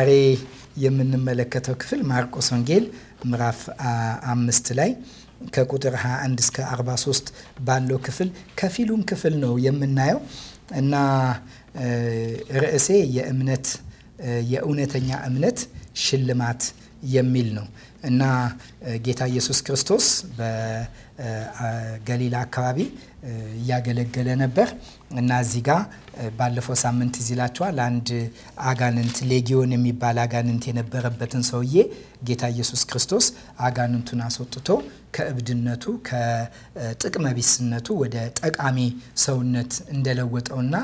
ዛሬ የምንመለከተው ክፍል ማርቆስ ወንጌል ምዕራፍ አምስት ላይ ከቁጥር 21 እስከ 43 ባለው ክፍል ከፊሉን ክፍል ነው የምናየው እና ርዕሴ የእምነት የእውነተኛ እምነት ሽልማት የሚል ነው እና ጌታ ኢየሱስ ክርስቶስ በገሊላ አካባቢ እያገለገለ ነበር እና እዚህ ጋ ባለፈው ሳምንት ይዝላችኋል አንድ አጋንንት ሌጊዮን የሚባል አጋንንት የነበረበትን ሰውዬ ጌታ ኢየሱስ ክርስቶስ አጋንንቱን አስወጥቶ ከእብድነቱ ከጥቅመቢስነቱ ወደ ጠቃሚ ሰውነት እንደለወጠውና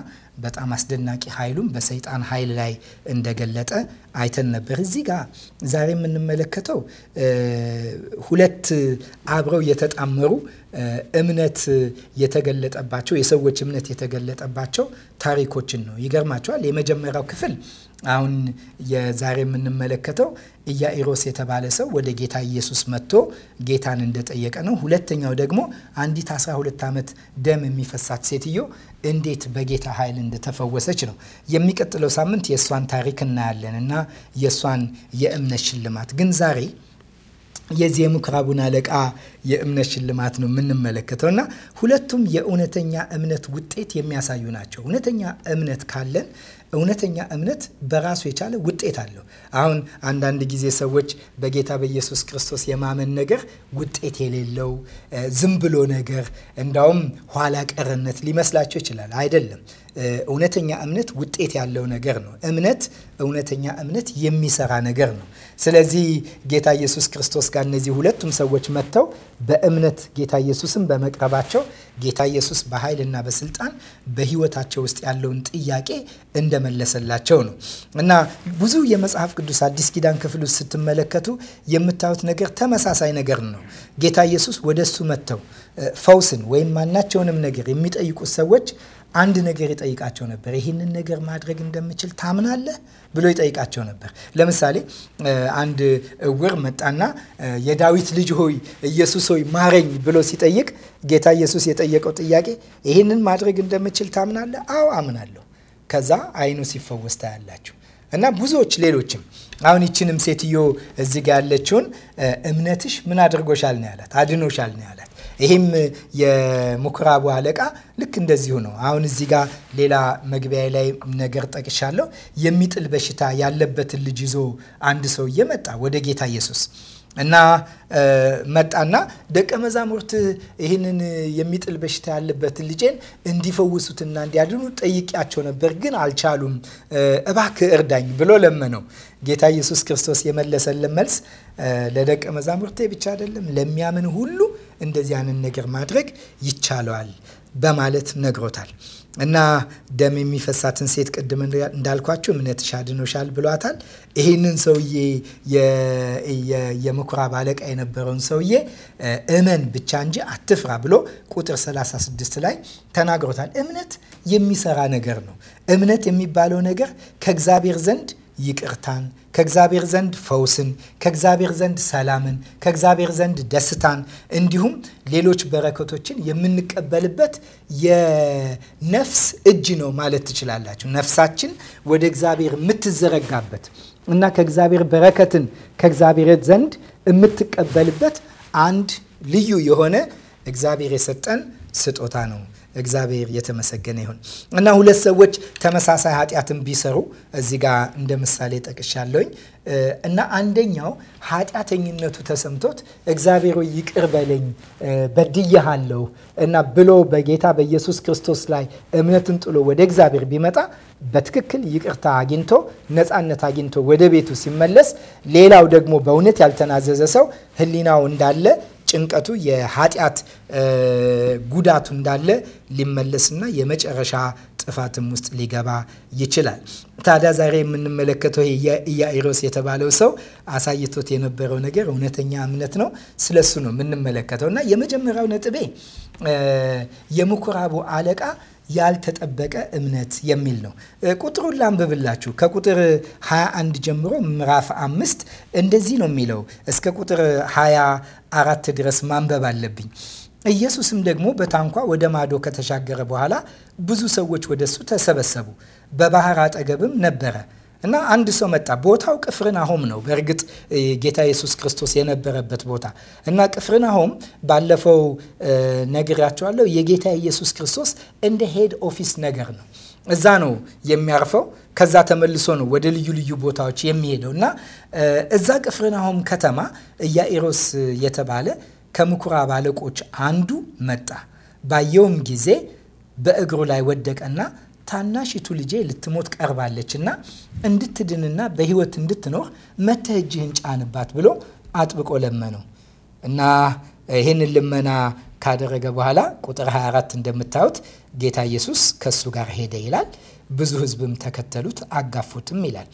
በጣም አስደናቂ ኃይሉም በሰይጣን ኃይል ላይ እንደገለጠ አይተን ነበር። እዚህ ጋር ዛሬ የምንመለከተው ሁለት አብረው የተጣመሩ እምነት የተገለጠባቸው የሰዎች እምነት የተገለጠባቸው ታሪኮችን ነው። ይገርማቸዋል። የመጀመሪያው ክፍል አሁን የዛሬ የምንመለከተው ኢያኢሮስ የተባለ ሰው ወደ ጌታ ኢየሱስ መጥቶ ጌታን እንደጠየቀ ነው። ሁለተኛው ደግሞ አንዲት 12 ዓመት ደም የሚፈሳት ሴትዮ እንዴት በጌታ ኃይል እንደተፈወሰች ነው። የሚቀጥለው ሳምንት የእሷን ታሪክ እናያለን እና የእሷን የእምነት ሽልማት ግን ዛሬ የዚህ የምኩራቡን አለቃ የእምነት ሽልማት ነው የምንመለከተው እና ሁለቱም የእውነተኛ እምነት ውጤት የሚያሳዩ ናቸው። እውነተኛ እምነት ካለን እውነተኛ እምነት በራሱ የቻለ ውጤት አለው። አሁን አንዳንድ ጊዜ ሰዎች በጌታ በኢየሱስ ክርስቶስ የማመን ነገር ውጤት የሌለው ዝም ብሎ ነገር እንዳውም ኋላ ቀርነት ሊመስላቸው ይችላል። አይደለም። እውነተኛ እምነት ውጤት ያለው ነገር ነው። እምነት እውነተኛ እምነት የሚሰራ ነገር ነው። ስለዚህ ጌታ ኢየሱስ ክርስቶስ ጋር እነዚህ ሁለቱም ሰዎች መጥተው በእምነት ጌታ ኢየሱስን በመቅረባቸው ጌታ ኢየሱስ በኃይልና በስልጣን በህይወታቸው ውስጥ ያለውን ጥያቄ እንደመለሰላቸው ነው እና ብዙ የመጽሐፍ ቅዱስ አዲስ ኪዳን ክፍል ውስጥ ስትመለከቱ የምታዩት ነገር ተመሳሳይ ነገር ነው። ጌታ ኢየሱስ ወደ እሱ መጥተው ፈውስን ወይም ማናቸውንም ነገር የሚጠይቁት ሰዎች አንድ ነገር ይጠይቃቸው ነበር። ይህንን ነገር ማድረግ እንደምችል ታምናለህ ብሎ ይጠይቃቸው ነበር። ለምሳሌ አንድ እውር መጣና የዳዊት ልጅ ሆይ ኢየሱስ ሆይ ማረኝ ብሎ ሲጠይቅ ጌታ ኢየሱስ የጠየቀው ጥያቄ ይህንን ማድረግ እንደምችል ታምናለህ? አዎ አምናለሁ። ከዛ አይኑ ሲፈወስ ታያላችሁ። እና ብዙዎች ሌሎችም አሁን ይችንም ሴትዮ እዚጋ ያለችውን እምነትሽ ምን አድርጎሻል ነው ያላት፣ አድኖሻል ነው ያላት። ይህም የምኩራቡ አለቃ ልክ እንደዚሁ ነው። አሁን እዚህ ጋር ሌላ መግቢያ ላይ ነገር ጠቅሻለሁ። የሚጥል በሽታ ያለበትን ልጅ ይዞ አንድ ሰው እየመጣ ወደ ጌታ ኢየሱስ። እና መጣና ደቀ መዛሙርት ይህንን የሚጥል በሽታ ያለበትን ልጄን እንዲፈውሱትና እንዲያድኑ ጠይቂያቸው ነበር፣ ግን አልቻሉም። እባክ እርዳኝ ብሎ ለመነው። ጌታ ኢየሱስ ክርስቶስ የመለሰልን መልስ ለደቀ መዛሙርቴ ብቻ አይደለም ለሚያምን ሁሉ እንደዚህ አይነት ነገር ማድረግ ይቻለዋል በማለት ነግሮታል። እና ደም የሚፈሳትን ሴት ቅድም እንዳልኳችሁ እምነትሽ አድኖሻል ብሏታል። ይህንን ሰውዬ የምኩራብ አለቃ የነበረውን ሰውዬ እመን ብቻ እንጂ አትፍራ ብሎ ቁጥር 36 ላይ ተናግሮታል። እምነት የሚሰራ ነገር ነው። እምነት የሚባለው ነገር ከእግዚአብሔር ዘንድ ይቅርታን ከእግዚአብሔር ዘንድ ፈውስን፣ ከእግዚአብሔር ዘንድ ሰላምን፣ ከእግዚአብሔር ዘንድ ደስታን እንዲሁም ሌሎች በረከቶችን የምንቀበልበት የነፍስ እጅ ነው ማለት ትችላላችሁ። ነፍሳችን ወደ እግዚአብሔር የምትዘረጋበት እና ከእግዚአብሔር በረከትን ከእግዚአብሔር ዘንድ የምትቀበልበት አንድ ልዩ የሆነ እግዚአብሔር የሰጠን ስጦታ ነው። እግዚአብሔር የተመሰገነ ይሁን እና ሁለት ሰዎች ተመሳሳይ ኃጢአትን ቢሰሩ እዚህ ጋር እንደ ምሳሌ ጠቅሻለሁኝ እና አንደኛው ኃጢአተኝነቱ ተሰምቶት እግዚአብሔር ይቅር በለኝ በድያሃለሁ እና ብሎ በጌታ በኢየሱስ ክርስቶስ ላይ እምነትን ጥሎ ወደ እግዚአብሔር ቢመጣ በትክክል ይቅርታ አግኝቶ ነፃነት አግኝቶ ወደ ቤቱ ሲመለስ፣ ሌላው ደግሞ በእውነት ያልተናዘዘ ሰው ህሊናው እንዳለ ጭንቀቱ የኃጢአት ጉዳቱ እንዳለ ሊመለስና የመጨረሻ ጥፋትም ውስጥ ሊገባ ይችላል። ታዲያ ዛሬ የምንመለከተው የኢያኢሮስ የተባለው ሰው አሳይቶት የነበረው ነገር እውነተኛ እምነት ነው። ስለሱ ነው የምንመለከተው እና የመጀመሪያው ነጥቤ የምኩራቡ አለቃ ያልተጠበቀ እምነት የሚል ነው። ቁጥሩን ላንብብላችሁ። ከቁጥር 21 ጀምሮ ምዕራፍ አምስት እንደዚህ ነው የሚለው እስከ ቁጥር 24 ድረስ ማንበብ አለብኝ። ኢየሱስም ደግሞ በታንኳ ወደ ማዶ ከተሻገረ በኋላ ብዙ ሰዎች ወደ እሱ ተሰበሰቡ። በባህር አጠገብም ነበረ። እና አንድ ሰው መጣ። ቦታው ቅፍርናሆም ነው። በእርግጥ ጌታ ኢየሱስ ክርስቶስ የነበረበት ቦታ እና ቅፍርናሆም ባለፈው ነግራቸዋለሁ። የጌታ ኢየሱስ ክርስቶስ እንደ ሄድ ኦፊስ ነገር ነው። እዛ ነው የሚያርፈው። ከዛ ተመልሶ ነው ወደ ልዩ ልዩ ቦታዎች የሚሄደው እና እዛ ቅፍርናሆም ከተማ ኢያኢሮስ የተባለ ከምኩራብ አለቆች አንዱ መጣ። ባየውም ጊዜ በእግሩ ላይ ወደቀና ታናሽቱ ልጄ ልትሞት ቀርባለች እና እንድትድንና በህይወት እንድትኖር መተህ እጅህን ጫንባት ብሎ አጥብቆ ለመነው እና ይህንን ልመና ካደረገ በኋላ ቁጥር 24 እንደምታዩት ጌታ ኢየሱስ ከእሱ ጋር ሄደ ይላል። ብዙ ህዝብም ተከተሉት አጋፉትም ይላል።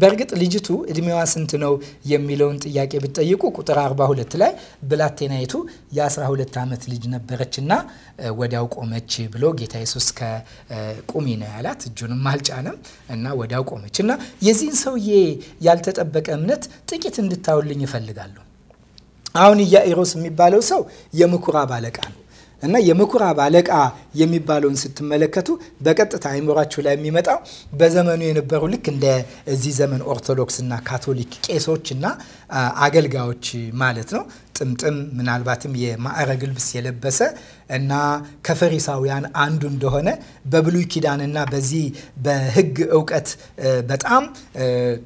በእርግጥ ልጅቱ እድሜዋ ስንት ነው የሚለውን ጥያቄ ብትጠይቁ ቁጥር 42 ላይ ብላቴናይቱ የ12 ዓመት ልጅ ነበረች እና ወዲያው ቆመች ብሎ ጌታ የሱስ ከቁሚ ነው ያላት። እጁንም አልጫንም እና ወዲያው ቆመች እና የዚህን ሰውዬ ያልተጠበቀ እምነት ጥቂት እንድታውልኝ ይፈልጋሉ። አሁን ኢያኢሮስ የሚባለው ሰው የምኩራብ አለቃ ነው። እና የምኩራብ አለቃ የሚባለውን ስትመለከቱ በቀጥታ አይምሯችሁ ላይ የሚመጣው በዘመኑ የነበሩ ልክ እንደ እዚህ ዘመን ኦርቶዶክስና ካቶሊክ ቄሶች እና አገልጋዮች ማለት ነው ጥምጥም ምናልባትም የማዕረግ ልብስ የለበሰ እና ከፈሪሳውያን አንዱ እንደሆነ በብሉይ ኪዳንና በዚህ በሕግ እውቀት በጣም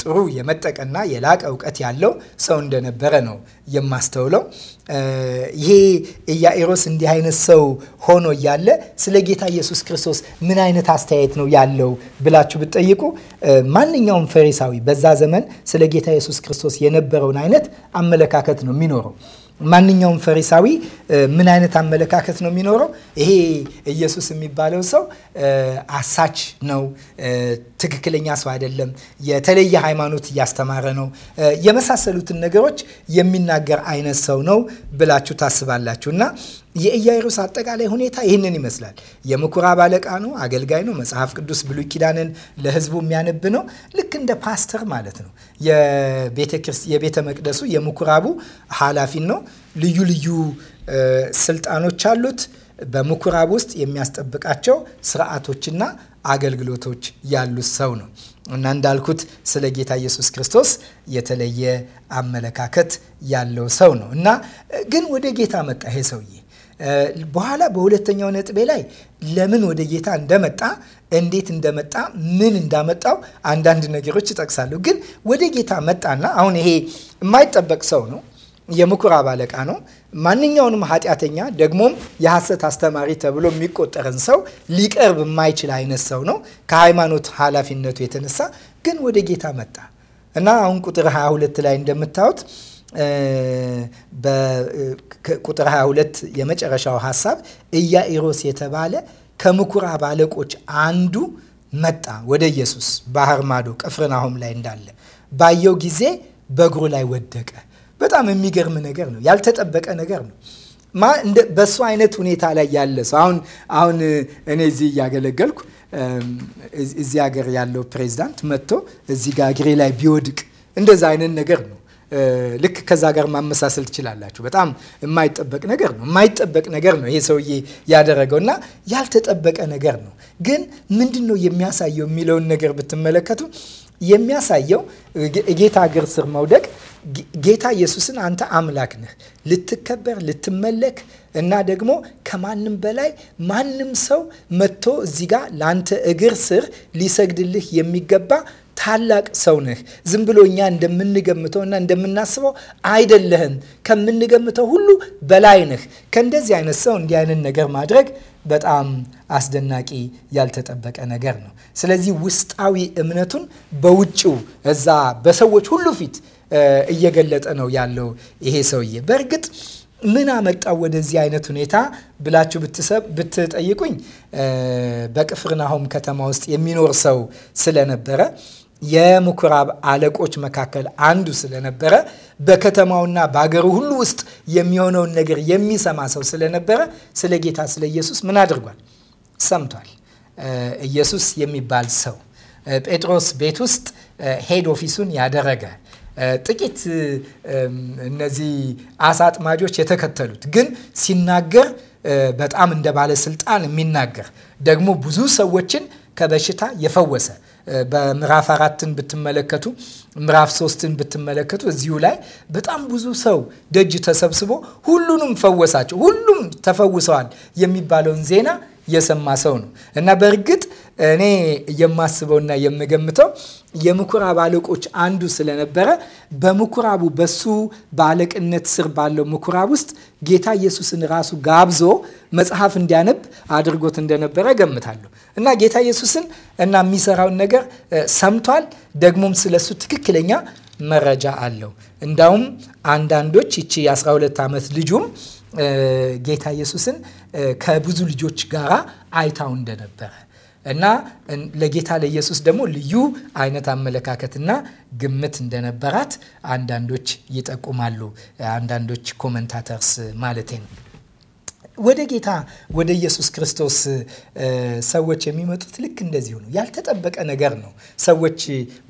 ጥሩ የመጠቀና የላቀ እውቀት ያለው ሰው እንደነበረ ነው የማስተውለው። ይሄ ኢያኢሮስ እንዲህ አይነት ሰው ሆኖ እያለ ስለ ጌታ ኢየሱስ ክርስቶስ ምን አይነት አስተያየት ነው ያለው ብላችሁ ብትጠይቁ ማንኛውም ፈሪሳዊ በዛ ዘመን ስለ ጌታ ኢየሱስ ክርስቶስ የነበረውን አይነት አመለካከት ነው የሚኖረው። ማንኛውም ፈሪሳዊ ምን አይነት አመለካከት ነው የሚኖረው? ይሄ ኢየሱስ የሚባለው ሰው አሳች ነው ትክክለኛ ሰው አይደለም፣ የተለየ ሃይማኖት እያስተማረ ነው፣ የመሳሰሉትን ነገሮች የሚናገር አይነት ሰው ነው ብላችሁ ታስባላችሁ እና የኢያይሮስ አጠቃላይ ሁኔታ ይህንን ይመስላል። የምኩራብ አለቃ ነው፣ አገልጋይ ነው፣ መጽሐፍ ቅዱስ ብሉይ ኪዳንን ለህዝቡ የሚያነብ ነው። ልክ እንደ ፓስተር ማለት ነው። የቤተ መቅደሱ የምኩራቡ ኃላፊ ነው። ልዩ ልዩ ስልጣኖች አሉት። በምኩራብ ውስጥ የሚያስጠብቃቸው ስርዓቶችና አገልግሎቶች ያሉት ሰው ነው እና እንዳልኩት ስለ ጌታ ኢየሱስ ክርስቶስ የተለየ አመለካከት ያለው ሰው ነው እና ግን ወደ ጌታ መጣ ይሄ ሰውዬ። በኋላ በሁለተኛው ነጥቤ ላይ ለምን ወደ ጌታ እንደመጣ እንዴት እንደመጣ ምን እንዳመጣው አንዳንድ ነገሮች ይጠቅሳሉ። ግን ወደ ጌታ መጣና አሁን ይሄ የማይጠበቅ ሰው ነው። የምኩራብ አለቃ ነው። ማንኛውንም ኃጢአተኛ ደግሞም የሐሰት አስተማሪ ተብሎ የሚቆጠርን ሰው ሊቀርብ የማይችል አይነት ሰው ነው። ከሃይማኖት ኃላፊነቱ የተነሳ ግን ወደ ጌታ መጣ እና አሁን ቁጥር 22 ላይ እንደምታዩት ቁጥር 22 የመጨረሻው ሀሳብ ኢያኢሮስ የተባለ ከምኩራብ አለቆች አንዱ መጣ ወደ ኢየሱስ ባህር ማዶ ቅፍርናሆም ላይ እንዳለ ባየው ጊዜ በእግሩ ላይ ወደቀ በጣም የሚገርም ነገር ነው። ያልተጠበቀ ነገር ነው። በእሱ አይነት ሁኔታ ላይ ያለ ሰው አሁን አሁን እኔ እዚህ እያገለገልኩ እዚህ ሀገር ያለው ፕሬዚዳንት መጥቶ እዚህ ጋር እግሬ ላይ ቢወድቅ እንደዛ አይነት ነገር ነው። ልክ ከዛ ጋር ማመሳሰል ትችላላችሁ። በጣም የማይጠበቅ ነገር ነው። የማይጠበቅ ነገር ነው ይሄ ሰውዬ ያደረገው እና ያልተጠበቀ ነገር ነው። ግን ምንድን ነው የሚያሳየው የሚለውን ነገር ብትመለከቱ የሚያሳየው የጌታ እግር ስር መውደቅ ጌታ ኢየሱስን አንተ አምላክ ነህ ልትከበር ልትመለክ እና ደግሞ ከማንም በላይ ማንም ሰው መጥቶ እዚህ ጋር ለአንተ እግር ስር ሊሰግድልህ የሚገባ ታላቅ ሰው ነህ። ዝም ብሎ እኛ እንደምንገምተው እና እንደምናስበው አይደለህም። ከምንገምተው ሁሉ በላይ ነህ። ከእንደዚህ አይነት ሰው እንዲህ አይነት ነገር ማድረግ በጣም አስደናቂ ያልተጠበቀ ነገር ነው። ስለዚህ ውስጣዊ እምነቱን በውጭው እዛ በሰዎች ሁሉ ፊት እየገለጠ ነው ያለው ይሄ ሰውዬ። በእርግጥ ምን አመጣው ወደዚህ አይነት ሁኔታ ብላችሁ ብትጠይቁኝ በቅፍርናሆም ከተማ ውስጥ የሚኖር ሰው ስለነበረ የምኩራብ አለቆች መካከል አንዱ ስለነበረ በከተማውና በአገሩ ሁሉ ውስጥ የሚሆነውን ነገር የሚሰማ ሰው ስለነበረ ስለ ጌታ ስለ ኢየሱስ ምን አድርጓል? ሰምቷል። ኢየሱስ የሚባል ሰው ጴጥሮስ ቤት ውስጥ ሄድ ኦፊሱን ያደረገ ጥቂት እነዚህ አሳ አጥማጆች የተከተሉት ግን ሲናገር በጣም እንደ ባለስልጣን የሚናገር ደግሞ ብዙ ሰዎችን ከበሽታ የፈወሰ በምዕራፍ አራትን ብትመለከቱ ምዕራፍ ሶስትን ብትመለከቱ እዚሁ ላይ በጣም ብዙ ሰው ደጅ ተሰብስቦ ሁሉንም ፈወሳቸው፣ ሁሉም ተፈውሰዋል የሚባለውን ዜና የሰማ ሰው ነው እና በእርግጥ እኔ የማስበውና የምገምተው የምኩራብ አለቆች አንዱ ስለነበረ በምኩራቡ በሱ በአለቅነት ስር ባለው ምኩራብ ውስጥ ጌታ ኢየሱስን ራሱ ጋብዞ መጽሐፍ እንዲያነብ አድርጎት እንደነበረ ገምታለሁ እና ጌታ ኢየሱስን እና የሚሰራውን ነገር ሰምቷል። ደግሞም ስለሱ ትክክለኛ መረጃ አለው። እንዳውም አንዳንዶች ይቺ የ12 ዓመት ልጁም ጌታ ኢየሱስን ከብዙ ልጆች ጋር አይታው እንደነበረ እና ለጌታ ለኢየሱስ ደግሞ ልዩ አይነት አመለካከትና ግምት እንደነበራት አንዳንዶች ይጠቁማሉ። አንዳንዶች ኮመንታተርስ ማለቴ ነው። ወደ ጌታ ወደ ኢየሱስ ክርስቶስ ሰዎች የሚመጡት ልክ እንደዚሁ ነው። ያልተጠበቀ ነገር ነው። ሰዎች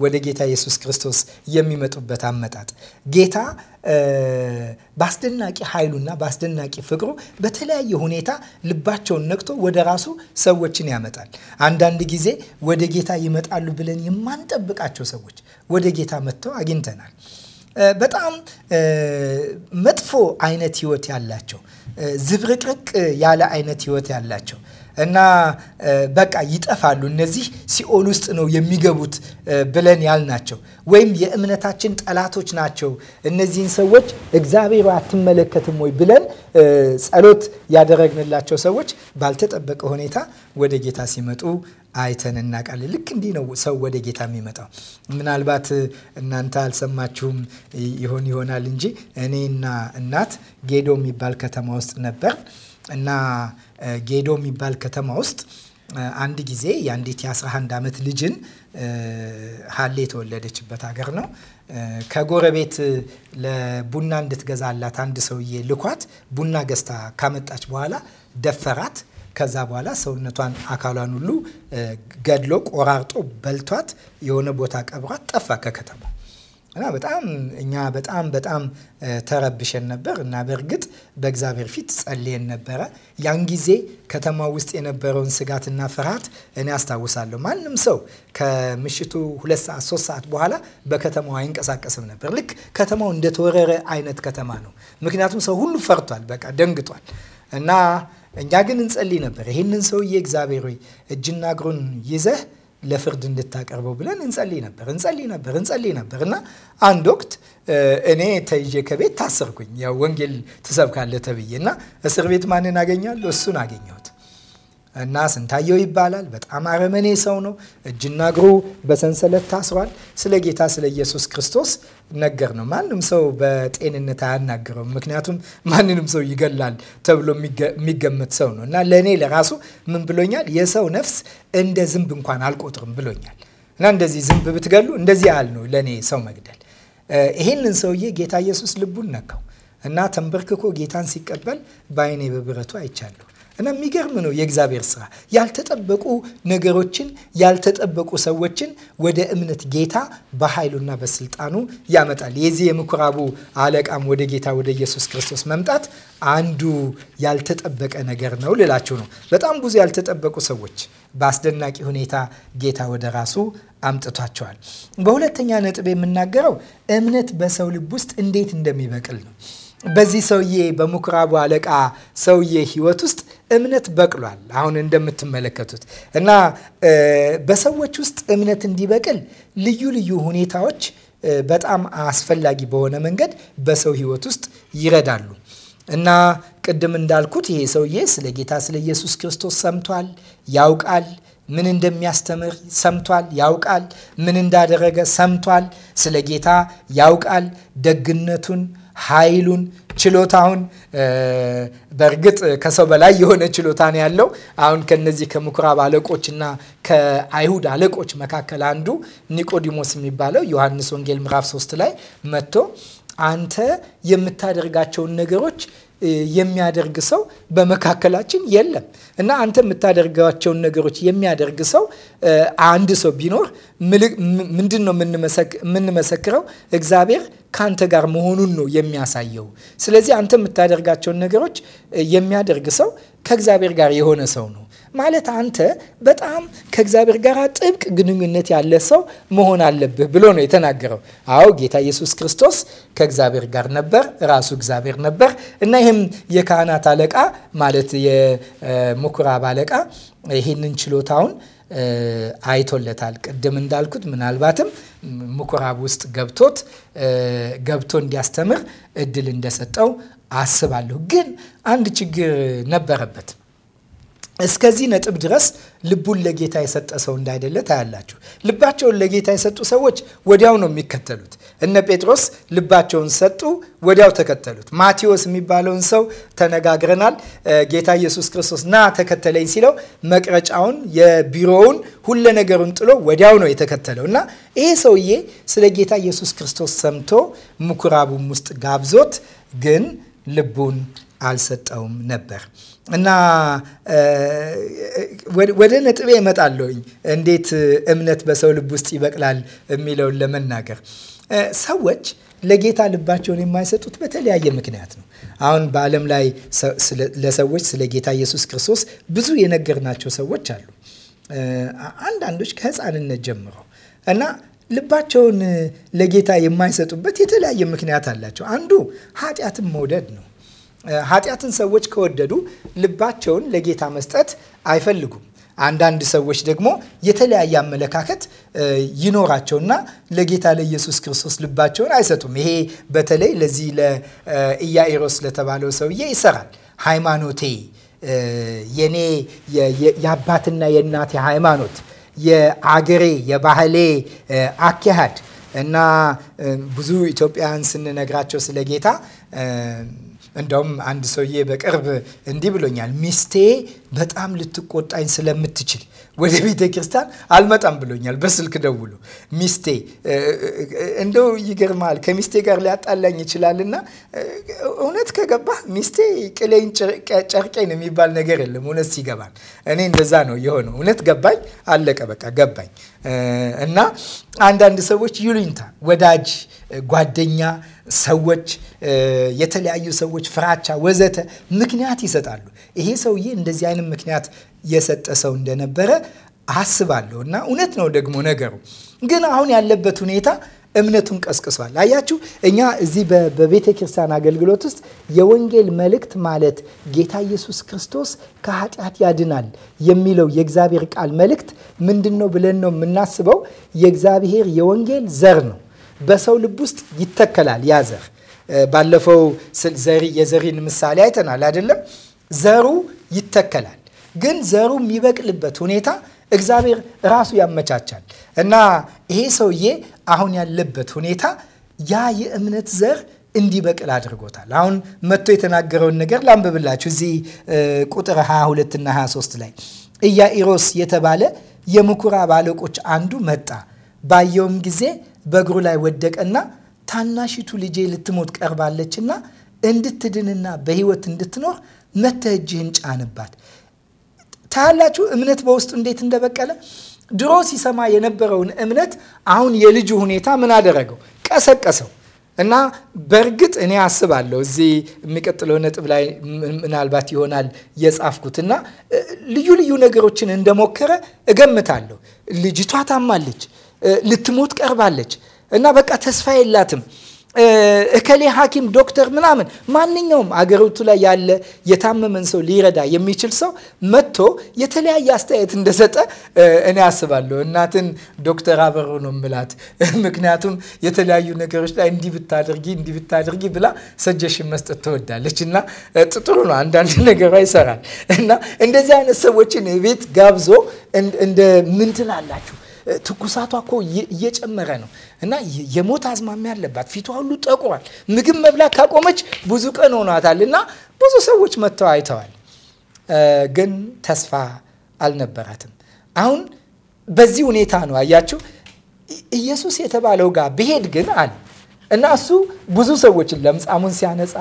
ወደ ጌታ ኢየሱስ ክርስቶስ የሚመጡበት አመጣጥ ጌታ በአስደናቂ ኃይሉና በአስደናቂ ፍቅሩ በተለያየ ሁኔታ ልባቸውን ነቅቶ ወደ ራሱ ሰዎችን ያመጣል። አንዳንድ ጊዜ ወደ ጌታ ይመጣሉ ብለን የማንጠብቃቸው ሰዎች ወደ ጌታ መጥተው አግኝተናል። በጣም መጥፎ አይነት ህይወት ያላቸው ዝብርቅርቅ ያለ አይነት ህይወት ያላቸው እና በቃ ይጠፋሉ። እነዚህ ሲኦል ውስጥ ነው የሚገቡት ብለን ያልናቸው ወይም የእምነታችን ጠላቶች ናቸው። እነዚህን ሰዎች እግዚአብሔር አትመለከትም ወይ ብለን ጸሎት ያደረግንላቸው ሰዎች ባልተጠበቀ ሁኔታ ወደ ጌታ ሲመጡ አይተን እናውቃለን። ልክ እንዲህ ነው ሰው ወደ ጌታ የሚመጣው። ምናልባት እናንተ አልሰማችሁም ይሆን ይሆናል እንጂ እኔና እናት ጌዶ የሚባል ከተማ ውስጥ ነበር እና ጌዶ የሚባል ከተማ ውስጥ አንድ ጊዜ የአንዲት የ11 ዓመት ልጅን ሀሌ የተወለደችበት ሀገር ነው። ከጎረቤት ለቡና እንድትገዛላት አንድ ሰውዬ ልኳት ቡና ገዝታ ካመጣች በኋላ ደፈራት። ከዛ በኋላ ሰውነቷን አካሏን ሁሉ ገድሎ ቆራርጦ በልቷት የሆነ ቦታ ቀብሯት ጠፋ ከከተማ እና በጣም እኛ በጣም በጣም ተረብሸን ነበር እና በእርግጥ በእግዚአብሔር ፊት ጸልየን ነበረ። ያን ጊዜ ከተማ ውስጥ የነበረውን ስጋትና ፍርሃት እኔ አስታውሳለሁ። ማንም ሰው ከምሽቱ ሁለት ሰዓት ሶስት ሰዓት በኋላ በከተማው አይንቀሳቀስም ነበር። ልክ ከተማው እንደተወረረ አይነት ከተማ ነው። ምክንያቱም ሰው ሁሉ ፈርቷል፣ በቃ ደንግጧል እና እኛ ግን እንጸልይ ነበር። ይህንን ሰውዬ እግዚአብሔር ሆይ እጅና እግሩን ይዘህ ለፍርድ እንድታቀርበው ብለን እንጸልይ ነበር እንጸልይ ነበር እንጸልይ ነበር እና አንድ ወቅት እኔ ተይዤ ከቤት ታሰርኩኝ። ያው ወንጌል ትሰብካለ ተብዬ እና እስር ቤት ማንን አገኘዋለሁ? እሱን አገኘሁት። እና ስንታየው ይባላል። በጣም አረመኔ ሰው ነው። እጅና እግሩ በሰንሰለት ታስሯል። ስለ ጌታ ስለ ኢየሱስ ክርስቶስ ነገር ነው። ማንም ሰው በጤንነት አያናግረውም። ምክንያቱም ማንንም ሰው ይገላል ተብሎ የሚገመት ሰው ነው እና ለእኔ ለራሱ ምን ብሎኛል? የሰው ነፍስ እንደ ዝንብ እንኳን አልቆጥርም ብሎኛል። እና እንደዚህ ዝንብ ብትገሉ እንደዚህ ያህል ነው ለእኔ ሰው መግደል። ይህንን ሰውዬ ጌታ ኢየሱስ ልቡን ነካው እና ተንበርክኮ ጌታን ሲቀበል በአይኔ በብረቱ አይቻለሁ። እና የሚገርም ነው የእግዚአብሔር ስራ። ያልተጠበቁ ነገሮችን ያልተጠበቁ ሰዎችን ወደ እምነት ጌታ በኃይሉና በስልጣኑ ያመጣል። የዚህ የምኩራቡ አለቃም ወደ ጌታ ወደ ኢየሱስ ክርስቶስ መምጣት አንዱ ያልተጠበቀ ነገር ነው ልላችሁ ነው። በጣም ብዙ ያልተጠበቁ ሰዎች በአስደናቂ ሁኔታ ጌታ ወደ ራሱ አምጥቷቸዋል። በሁለተኛ ነጥብ የምናገረው እምነት በሰው ልብ ውስጥ እንዴት እንደሚበቅል ነው። በዚህ ሰውዬ በምኩራቡ አለቃ ሰውዬ ህይወት ውስጥ እምነት በቅሏል። አሁን እንደምትመለከቱት እና በሰዎች ውስጥ እምነት እንዲበቅል ልዩ ልዩ ሁኔታዎች በጣም አስፈላጊ በሆነ መንገድ በሰው ህይወት ውስጥ ይረዳሉ እና ቅድም እንዳልኩት ይሄ ሰውዬ ስለ ጌታ ስለ ኢየሱስ ክርስቶስ ሰምቷል፣ ያውቃል ምን እንደሚያስተምር ሰምቷል፣ ያውቃል ምን እንዳደረገ ሰምቷል፣ ስለ ጌታ ያውቃል ደግነቱን ኃይሉን፣ ችሎታውን በእርግጥ ከሰው በላይ የሆነ ችሎታ ነው ያለው። አሁን ከነዚህ ከምኩራብ አለቆችና ከአይሁድ አለቆች መካከል አንዱ ኒቆዲሞስ የሚባለው ዮሐንስ ወንጌል ምዕራፍ 3 ላይ መጥቶ አንተ የምታደርጋቸውን ነገሮች የሚያደርግ ሰው በመካከላችን የለም እና አንተ የምታደርጋቸውን ነገሮች የሚያደርግ ሰው አንድ ሰው ቢኖር ምንድን ነው የምንመሰክረው? እግዚአብሔር ከአንተ ጋር መሆኑን ነው የሚያሳየው። ስለዚህ አንተ የምታደርጋቸውን ነገሮች የሚያደርግ ሰው ከእግዚአብሔር ጋር የሆነ ሰው ነው ማለት አንተ በጣም ከእግዚአብሔር ጋር ጥብቅ ግንኙነት ያለ ሰው መሆን አለብህ ብሎ ነው የተናገረው። አዎ ጌታ ኢየሱስ ክርስቶስ ከእግዚአብሔር ጋር ነበር፣ ራሱ እግዚአብሔር ነበር እና ይህም የካህናት አለቃ ማለት የምኩራብ አለቃ ይህንን ችሎታውን አይቶለታል። ቅድም እንዳልኩት ምናልባትም ምኩራብ ውስጥ ገብቶት ገብቶ እንዲያስተምር እድል እንደሰጠው አስባለሁ። ግን አንድ ችግር ነበረበት። እስከዚህ ነጥብ ድረስ ልቡን ለጌታ የሰጠ ሰው እንዳይደለ ታያላችሁ። ልባቸውን ለጌታ የሰጡ ሰዎች ወዲያው ነው የሚከተሉት። እነ ጴጥሮስ ልባቸውን ሰጡ፣ ወዲያው ተከተሉት። ማቴዎስ የሚባለውን ሰው ተነጋግረናል። ጌታ ኢየሱስ ክርስቶስ ና ተከተለኝ ሲለው መቅረጫውን፣ የቢሮውን፣ ሁለ ነገሩን ጥሎ ወዲያው ነው የተከተለው እና ይሄ ሰውዬ ስለ ጌታ ኢየሱስ ክርስቶስ ሰምቶ ምኩራቡም ውስጥ ጋብዞት ግን ልቡን አልሰጠውም ነበር እና ወደ ነጥቤ እመጣለሁኝ እንዴት እምነት በሰው ልብ ውስጥ ይበቅላል የሚለውን ለመናገር ሰዎች ለጌታ ልባቸውን የማይሰጡት በተለያየ ምክንያት ነው። አሁን በዓለም ላይ ለሰዎች ስለ ጌታ ኢየሱስ ክርስቶስ ብዙ የነገርናቸው ሰዎች አሉ። አንዳንዶች ከህፃንነት ጀምረው እና ልባቸውን ለጌታ የማይሰጡበት የተለያየ ምክንያት አላቸው። አንዱ ኃጢአትን መውደድ ነው። ኃጢአትን ሰዎች ከወደዱ ልባቸውን ለጌታ መስጠት አይፈልጉም። አንዳንድ ሰዎች ደግሞ የተለያየ አመለካከት ይኖራቸውና ለጌታ ለኢየሱስ ክርስቶስ ልባቸውን አይሰጡም። ይሄ በተለይ ለዚህ ለኢያኢሮስ ለተባለው ሰውዬ ይሰራል። ሃይማኖቴ የኔ የአባትና የእናቴ ሃይማኖት፣ የአገሬ የባህሌ አካሄድ እና ብዙ ኢትዮጵያውያን ስንነግራቸው ስለ ጌታ እንደውም አንድ ሰውዬ በቅርብ እንዲህ ብሎኛል። ሚስቴ በጣም ልትቆጣኝ ስለምትችል ወደ ቤተ ክርስቲያን አልመጣም ብሎኛል። በስልክ ደውሎ ሚስቴ እንደው ይገርማል ከሚስቴ ጋር ሊያጣላኝ ይችላልና እውነት ከገባ ሚስቴ ቅሌን ጨርቄን የሚባል ነገር የለም። እውነት ሲገባን እኔ እንደዛ ነው የሆነው። እውነት ገባኝ፣ አለቀ፣ በቃ ገባኝ። እና አንዳንድ ሰዎች ይሉኝታ፣ ወዳጅ፣ ጓደኛ፣ ሰዎች፣ የተለያዩ ሰዎች ፍራቻ፣ ወዘተ ምክንያት ይሰጣሉ። ይሄ ሰውዬ እንደዚህ አይነት ምክንያት የሰጠ ሰው እንደነበረ አስባለሁ እና እውነት ነው ደግሞ ነገሩ። ግን አሁን ያለበት ሁኔታ እምነቱን ቀስቅሷል። አያችሁ፣ እኛ እዚህ በቤተ ክርስቲያን አገልግሎት ውስጥ የወንጌል መልእክት ማለት ጌታ ኢየሱስ ክርስቶስ ከኃጢአት ያድናል የሚለው የእግዚአብሔር ቃል መልእክት ምንድን ነው ብለን ነው የምናስበው። የእግዚአብሔር የወንጌል ዘር ነው። በሰው ልብ ውስጥ ይተከላል። ያ ዘር ባለፈው የዘሪን ምሳሌ አይተናል አይደለም? ዘሩ ይተከላል ግን ዘሩ የሚበቅልበት ሁኔታ እግዚአብሔር ራሱ ያመቻቻል እና ይሄ ሰውዬ አሁን ያለበት ሁኔታ ያ የእምነት ዘር እንዲበቅል አድርጎታል። አሁን መጥቶ የተናገረውን ነገር ላንብብላችሁ። እዚህ ቁጥር 22 እና 23 ላይ ኢያኢሮስ የተባለ የምኩራብ አለቆች አንዱ መጣ። ባየውም ጊዜ በእግሩ ላይ ወደቀና ታናሽቱ ልጄ ልትሞት ቀርባለችና እንድትድንና በሕይወት እንድትኖር መተህ እጅህን ጫንባት፣ ታያላችሁ እምነት በውስጡ እንዴት እንደበቀለ። ድሮ ሲሰማ የነበረውን እምነት አሁን የልጁ ሁኔታ ምን አደረገው? ቀሰቀሰው። እና በእርግጥ እኔ አስባለሁ እዚህ የሚቀጥለው ነጥብ ላይ ምናልባት ይሆናል የጻፍኩት እና ልዩ ልዩ ነገሮችን እንደሞከረ እገምታለሁ። ልጅቷ ታማለች፣ ልትሞት ቀርባለች እና በቃ ተስፋ የላትም እከሌ ሐኪም ዶክተር ምናምን ማንኛውም አገሪቱ ላይ ያለ የታመመን ሰው ሊረዳ የሚችል ሰው መጥቶ የተለያየ አስተያየት እንደሰጠ እኔ አስባለሁ። እናትን ዶክተር አበሮ ነው ምላት። ምክንያቱም የተለያዩ ነገሮች ላይ እንዲህ ብታደርጊ እንዲህ ብታደርጊ ብላ ሰጀሽን መስጠት ትወዳለች እና ጥሩ ነው። አንዳንድ ነገሯ ይሰራል እና እንደዚህ አይነት ሰዎችን ቤት ጋብዞ እንደ ምን ትላላችሁ ትኩሳቷ እኮ እየጨመረ ነው እና የሞት አዝማሚያ ያለባት፣ ፊቷ ሁሉ ጠቁሯል። ምግብ መብላት ካቆመች ብዙ ቀን ሆኗታል እና ብዙ ሰዎች መጥተው አይተዋል። ግን ተስፋ አልነበራትም። አሁን በዚህ ሁኔታ ነው አያችሁ። ኢየሱስ የተባለው ጋር ብሄድ ግን አለ እና እሱ ብዙ ሰዎችን ለምጻሙን ሲያነጻ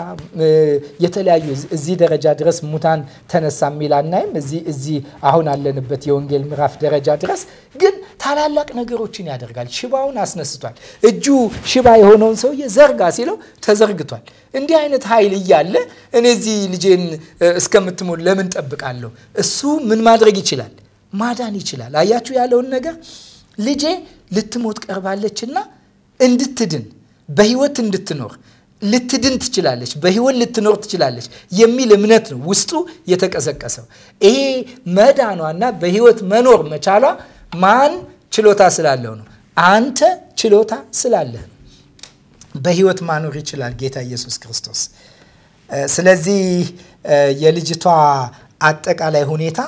የተለያዩ እዚህ ደረጃ ድረስ ሙታን ተነሳ የሚል አናይም። እዚህ አሁን አለንበት የወንጌል ምዕራፍ ደረጃ ድረስ ግን ታላላቅ ነገሮችን ያደርጋል። ሽባውን አስነስቷል። እጁ ሽባ የሆነውን ሰውዬ ዘርጋ ሲለው ተዘርግቷል። እንዲህ አይነት ኃይል እያለ እኔ እዚህ ልጄን እስከምትሞት ለምን ጠብቃለሁ? እሱ ምን ማድረግ ይችላል? ማዳን ይችላል። አያችሁ ያለውን ነገር ልጄ ልትሞት ቀርባለችና እንድትድን በህይወት እንድትኖር ልትድን ትችላለች፣ በህይወት ልትኖር ትችላለች የሚል እምነት ነው ውስጡ የተቀሰቀሰው። ይሄ መዳኗና በህይወት መኖር መቻሏ ማን ችሎታ ስላለው ነው? አንተ ችሎታ ስላለህ ነው። በህይወት ማኖር ይችላል ጌታ ኢየሱስ ክርስቶስ። ስለዚህ የልጅቷ አጠቃላይ ሁኔታ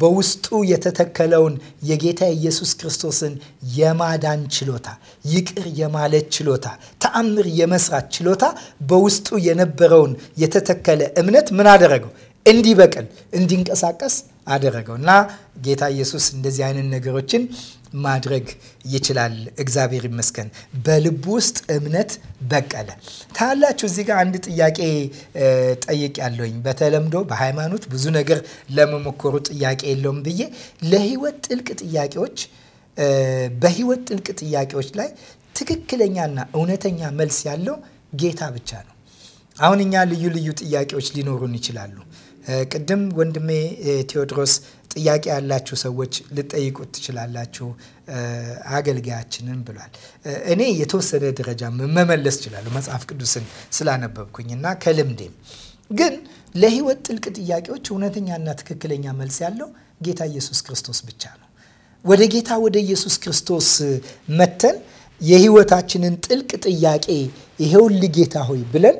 በውስጡ የተተከለውን የጌታ ኢየሱስ ክርስቶስን የማዳን ችሎታ፣ ይቅር የማለት ችሎታ፣ ተአምር የመስራት ችሎታ በውስጡ የነበረውን የተተከለ እምነት ምን አደረገው? እንዲበቅል እንዲንቀሳቀስ አደረገው እና ጌታ ኢየሱስ እንደዚህ አይነት ነገሮችን ማድረግ ይችላል። እግዚአብሔር ይመስገን። በልቡ ውስጥ እምነት በቀለ። ታላችሁ እዚህ ጋር አንድ ጥያቄ ጠይቅ ያለውኝ በተለምዶ በሃይማኖት ብዙ ነገር ለመሞከሩ ጥያቄ የለውም ብዬ ለህይወት ጥልቅ ጥያቄዎች በህይወት ጥልቅ ጥያቄዎች ላይ ትክክለኛና እውነተኛ መልስ ያለው ጌታ ብቻ ነው። አሁን እኛ ልዩ ልዩ ጥያቄዎች ሊኖሩን ይችላሉ። ቅድም ወንድሜ ቴዎድሮስ ጥያቄ ያላችሁ ሰዎች ልጠይቁት ትችላላችሁ አገልጋያችንን ብሏል። እኔ የተወሰነ ደረጃ መመለስ እችላለሁ መጽሐፍ ቅዱስን ስላነበብኩኝ እና ከልምዴም ግን ለህይወት ጥልቅ ጥያቄዎች እውነተኛና ትክክለኛ መልስ ያለው ጌታ ኢየሱስ ክርስቶስ ብቻ ነው። ወደ ጌታ ወደ ኢየሱስ ክርስቶስ መተን የህይወታችንን ጥልቅ ጥያቄ ይሄውል ጌታ ሆይ ብለን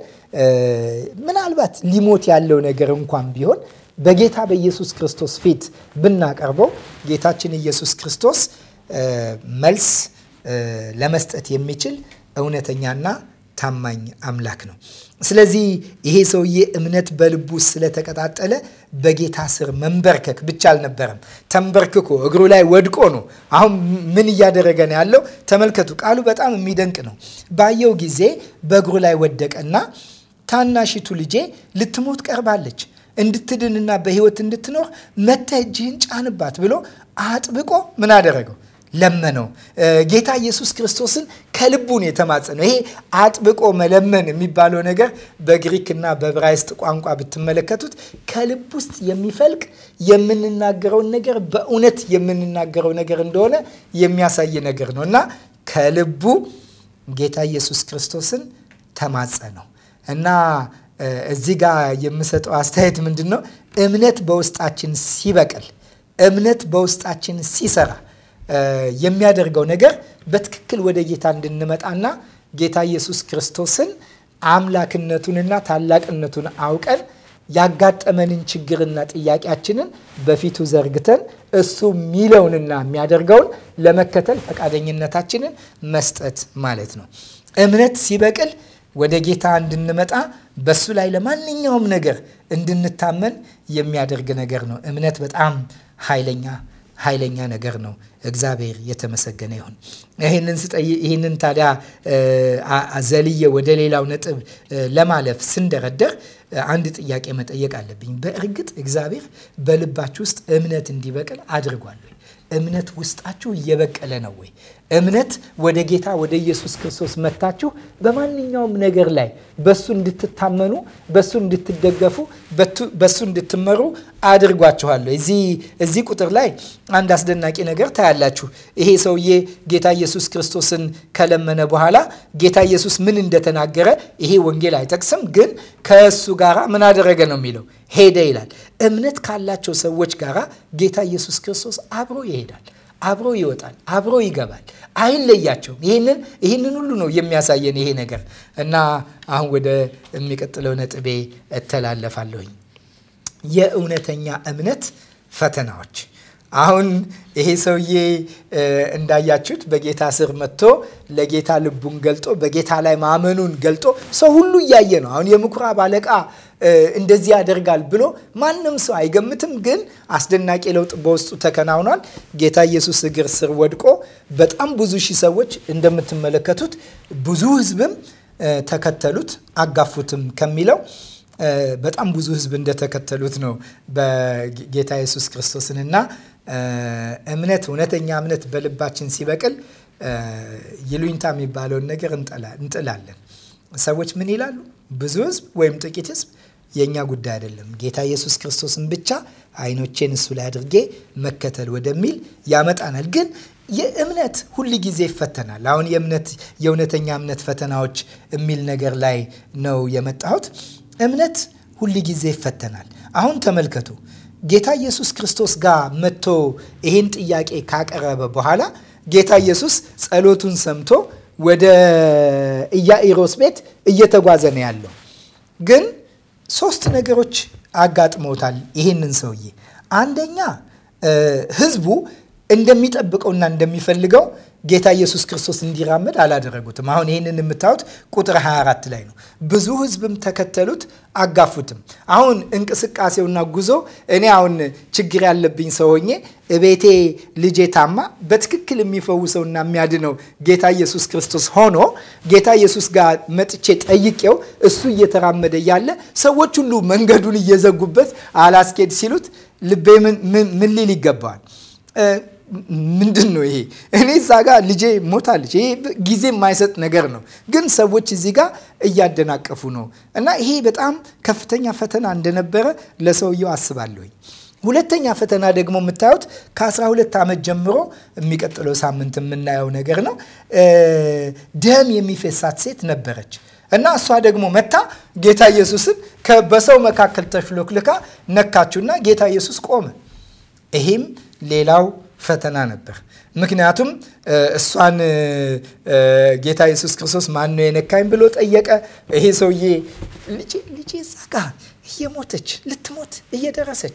ምናልባት ሊሞት ያለው ነገር እንኳን ቢሆን በጌታ በኢየሱስ ክርስቶስ ፊት ብናቀርበው ጌታችን ኢየሱስ ክርስቶስ መልስ ለመስጠት የሚችል እውነተኛና ታማኝ አምላክ ነው። ስለዚህ ይሄ ሰውዬ እምነት በልቡ ስለተቀጣጠለ በጌታ ስር መንበርከክ ብቻ አልነበረም። ተንበርክኮ እግሩ ላይ ወድቆ ነው። አሁን ምን እያደረገ ነው ያለው? ተመልከቱ። ቃሉ በጣም የሚደንቅ ነው። ባየው ጊዜ በእግሩ ላይ ወደቀና ታናሽቱ ልጄ ልትሞት ቀርባለች እንድትድንና በህይወት እንድትኖር መተህ እጅህን ጫንባት ብሎ አጥብቆ ምን አደረገው? ለመነው። ጌታ ኢየሱስ ክርስቶስን ከልቡን የተማጸነው ይሄ አጥብቆ መለመን የሚባለው ነገር በግሪክና በዕብራይስጥ ቋንቋ ብትመለከቱት ከልብ ውስጥ የሚፈልቅ የምንናገረውን ነገር በእውነት የምንናገረው ነገር እንደሆነ የሚያሳይ ነገር ነው እና ከልቡ ጌታ ኢየሱስ ክርስቶስን ተማጸነው እና እዚህ ጋር የምሰጠው አስተያየት ምንድን ነው? እምነት በውስጣችን ሲበቅል፣ እምነት በውስጣችን ሲሰራ የሚያደርገው ነገር በትክክል ወደ ጌታ እንድንመጣና ጌታ ኢየሱስ ክርስቶስን አምላክነቱንና ታላቅነቱን አውቀን ያጋጠመንን ችግርና ጥያቄያችንን በፊቱ ዘርግተን እሱ የሚለውንና የሚያደርገውን ለመከተል ፈቃደኝነታችንን መስጠት ማለት ነው። እምነት ሲበቅል ወደ ጌታ እንድንመጣ በሱ ላይ ለማንኛውም ነገር እንድንታመን የሚያደርግ ነገር ነው። እምነት በጣም ኃይለኛ ኃይለኛ ነገር ነው። እግዚአብሔር የተመሰገነ ይሁን። ይህንን ስጠይ ይህንን ታዲያ ዘልዬ ወደ ሌላው ነጥብ ለማለፍ ስንደረደር አንድ ጥያቄ መጠየቅ አለብኝ። በእርግጥ እግዚአብሔር በልባችሁ ውስጥ እምነት እንዲበቅል አድርጓል ወይ? እምነት ውስጣችሁ እየበቀለ ነው ወይ? እምነት ወደ ጌታ ወደ ኢየሱስ ክርስቶስ መታችሁ በማንኛውም ነገር ላይ በሱ እንድትታመኑ በሱ እንድትደገፉ በሱ እንድትመሩ አድርጓችኋለሁ። እዚህ ቁጥር ላይ አንድ አስደናቂ ነገር ታያላችሁ። ይሄ ሰውዬ ጌታ ኢየሱስ ክርስቶስን ከለመነ በኋላ ጌታ ኢየሱስ ምን እንደተናገረ ይሄ ወንጌል አይጠቅስም፣ ግን ከእሱ ጋራ ምን አደረገ ነው የሚለው ሄደ ይላል። እምነት ካላቸው ሰዎች ጋራ ጌታ ኢየሱስ ክርስቶስ አብሮ ይሄዳል። አብሮ ይወጣል፣ አብሮ ይገባል፣ አይለያቸውም። ይህንን ይህንን ሁሉ ነው የሚያሳየን ይሄ ነገር እና አሁን ወደ የሚቀጥለው ነጥቤ እተላለፋለሁኝ። የእውነተኛ እምነት ፈተናዎች አሁን ይሄ ሰውዬ እንዳያችሁት በጌታ ስር መጥቶ ለጌታ ልቡን ገልጦ በጌታ ላይ ማመኑን ገልጦ ሰው ሁሉ እያየ ነው። አሁን የምኩራብ አለቃ እንደዚህ ያደርጋል ብሎ ማንም ሰው አይገምትም፣ ግን አስደናቂ ለውጥ በውስጡ ተከናውኗል። ጌታ ኢየሱስ እግር ስር ወድቆ በጣም ብዙ ሺህ ሰዎች እንደምትመለከቱት ብዙ ሕዝብም ተከተሉት አጋፉትም ከሚለው በጣም ብዙ ህዝብ እንደተከተሉት ነው በጌታ ኢየሱስ ክርስቶስንና እምነት እውነተኛ እምነት በልባችን ሲበቅል ይሉኝታ የሚባለውን ነገር እንጥላለን። ሰዎች ምን ይላሉ? ብዙ ህዝብ ወይም ጥቂት ህዝብ የእኛ ጉዳይ አይደለም፣ ጌታ ኢየሱስ ክርስቶስን ብቻ አይኖቼን እሱ ላይ አድርጌ መከተል ወደሚል ያመጣናል። ግን የእምነት ሁል ጊዜ ይፈተናል። አሁን የእምነት የእውነተኛ እምነት ፈተናዎች የሚል ነገር ላይ ነው የመጣሁት። እምነት ሁል ጊዜ ይፈተናል። አሁን ተመልከቱ ጌታ ኢየሱስ ክርስቶስ ጋር መጥቶ ይህን ጥያቄ ካቀረበ በኋላ ጌታ ኢየሱስ ጸሎቱን ሰምቶ ወደ ኢያኢሮስ ቤት እየተጓዘ ነው ያለው። ግን ሶስት ነገሮች አጋጥመውታል ይህንን ሰውዬ። አንደኛ ህዝቡ እንደሚጠብቀውና እንደሚፈልገው ጌታ ኢየሱስ ክርስቶስ እንዲራመድ አላደረጉትም። አሁን ይህንን የምታዩት ቁጥር 24 ላይ ነው። ብዙ ህዝብም ተከተሉት አጋፉትም። አሁን እንቅስቃሴውና ጉዞ እኔ አሁን ችግር ያለብኝ ሰው ሆኜ እቤቴ ልጄ ታማ በትክክል የሚፈውሰውና የሚያድነው ጌታ ኢየሱስ ክርስቶስ ሆኖ ጌታ ኢየሱስ ጋር መጥቼ ጠይቄው እሱ እየተራመደ ያለ ሰዎች ሁሉ መንገዱን እየዘጉበት አላስኬድ ሲሉት ልቤ ምን ሊል ይገባዋል? ምንድን ነው ይሄ? እኔ እዛ ጋር ልጄ ሞታለች። ይሄ ጊዜ የማይሰጥ ነገር ነው፣ ግን ሰዎች እዚህ ጋር እያደናቀፉ ነው። እና ይሄ በጣም ከፍተኛ ፈተና እንደነበረ ለሰውየው አስባለሁኝ። ሁለተኛ ፈተና ደግሞ የምታዩት ከ12 ዓመት ጀምሮ የሚቀጥለው ሳምንት የምናየው ነገር ነው። ደም የሚፈሳት ሴት ነበረች እና እሷ ደግሞ መታ ጌታ ኢየሱስን በሰው መካከል ተሽሎክልካ ነካችሁና ጌታ ኢየሱስ ቆመ። ይሄም ሌላው ፈተና ነበር። ምክንያቱም እሷን ጌታ ኢየሱስ ክርስቶስ ማን ነው የነካኝ ብሎ ጠየቀ። ይሄ ሰውዬ ልጄ እዛ ጋ እየሞተች ልትሞት እየደረሰች